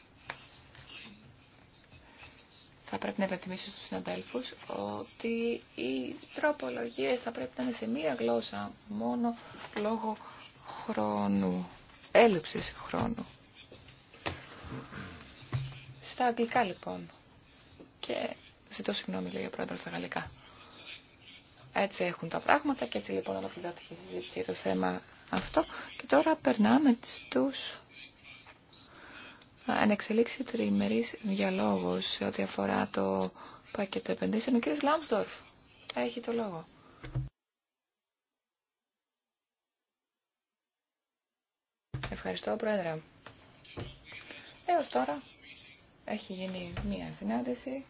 θα πρέπει να υπενθυμίσω στους συναδέλφους ότι οι τροπολογίες θα πρέπει να είναι σε μία γλώσσα μόνο λόγω χρόνου, έλλειψης χρόνου. Στα αγγλικά λοιπόν και ζητώ συγγνώμη λέει ο πρόεδρος στα γαλλικά. Έτσι έχουν τα πράγματα και έτσι λοιπόν ολοκληρώθηκε η συζήτηση για το θέμα αυτό και τώρα περνάμε στους ανεξελίξει τριημερή διαλόγου σε ό,τι αφορά το πακέτο επενδύσεων. Ο κ. Λάμπστορφ έχει το λόγο. Ευχαριστώ, Πρόεδρε. έω τώρα έχει γίνει μία συνάντηση.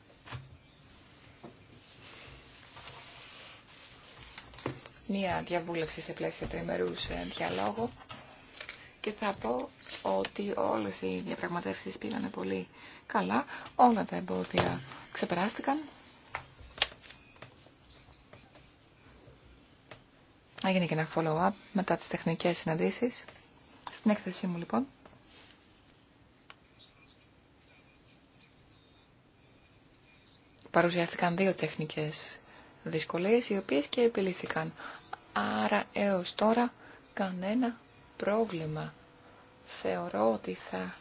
Μία διαβούλευση σε πλαίσια τριμερούς ε, διαλόγου και θα πω ότι όλες οι διαπραγματεύσεις πήγαν πολύ καλά, όλα τα εμπόδια ξεπεράστηκαν. Έγινε και ένα follow-up μετά τις τεχνικές συναντήσεις. Στην έκθεσή μου λοιπόν. Παρουσιάστηκαν δύο τεχνικές δυσκολίες οι οποίες και επιλύθηκαν. Άρα έως τώρα κανένα πρόβλημα θεωρώ ότι θα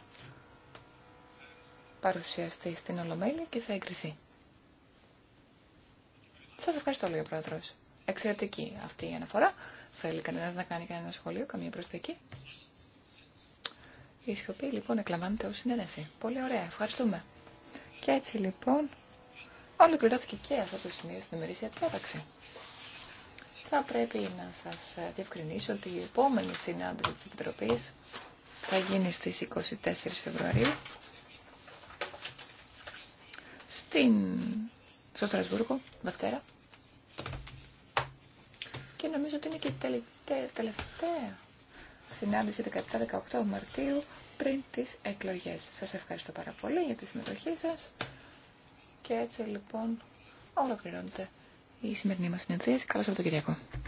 παρουσιαστεί στην Ολομέλεια και θα εγκριθεί. Σας ευχαριστώ, λέει ο Πρόεδρος. Εξαιρετική αυτή η αναφορά. Θέλει κανένας να κάνει κανένα σχολείο, καμία προσθήκη. Η σιωπή λοιπόν εκλαμβάνεται ως συνένεση. Πολύ ωραία, ευχαριστούμε. Και έτσι λοιπόν ολοκληρώθηκε και αυτό το σημείο στην ημερήσια διάταξη. Θα πρέπει να σας διευκρινίσω ότι η επόμενη συνάντηση της Επιτροπής θα γίνει στις 24 Φεβρουαρίου στην... στο Στρασβούργο, Δευτέρα. Και νομίζω ότι είναι και η τελευταια τελευταία συνάντηση 17-18 Μαρτίου πριν τις εκλογές. Σας ευχαριστώ πάρα πολύ για τη συμμετοχή σας και έτσι λοιπόν ολοκληρώνεται η σημερινή μας συνεδρίαση. τον κυριακό.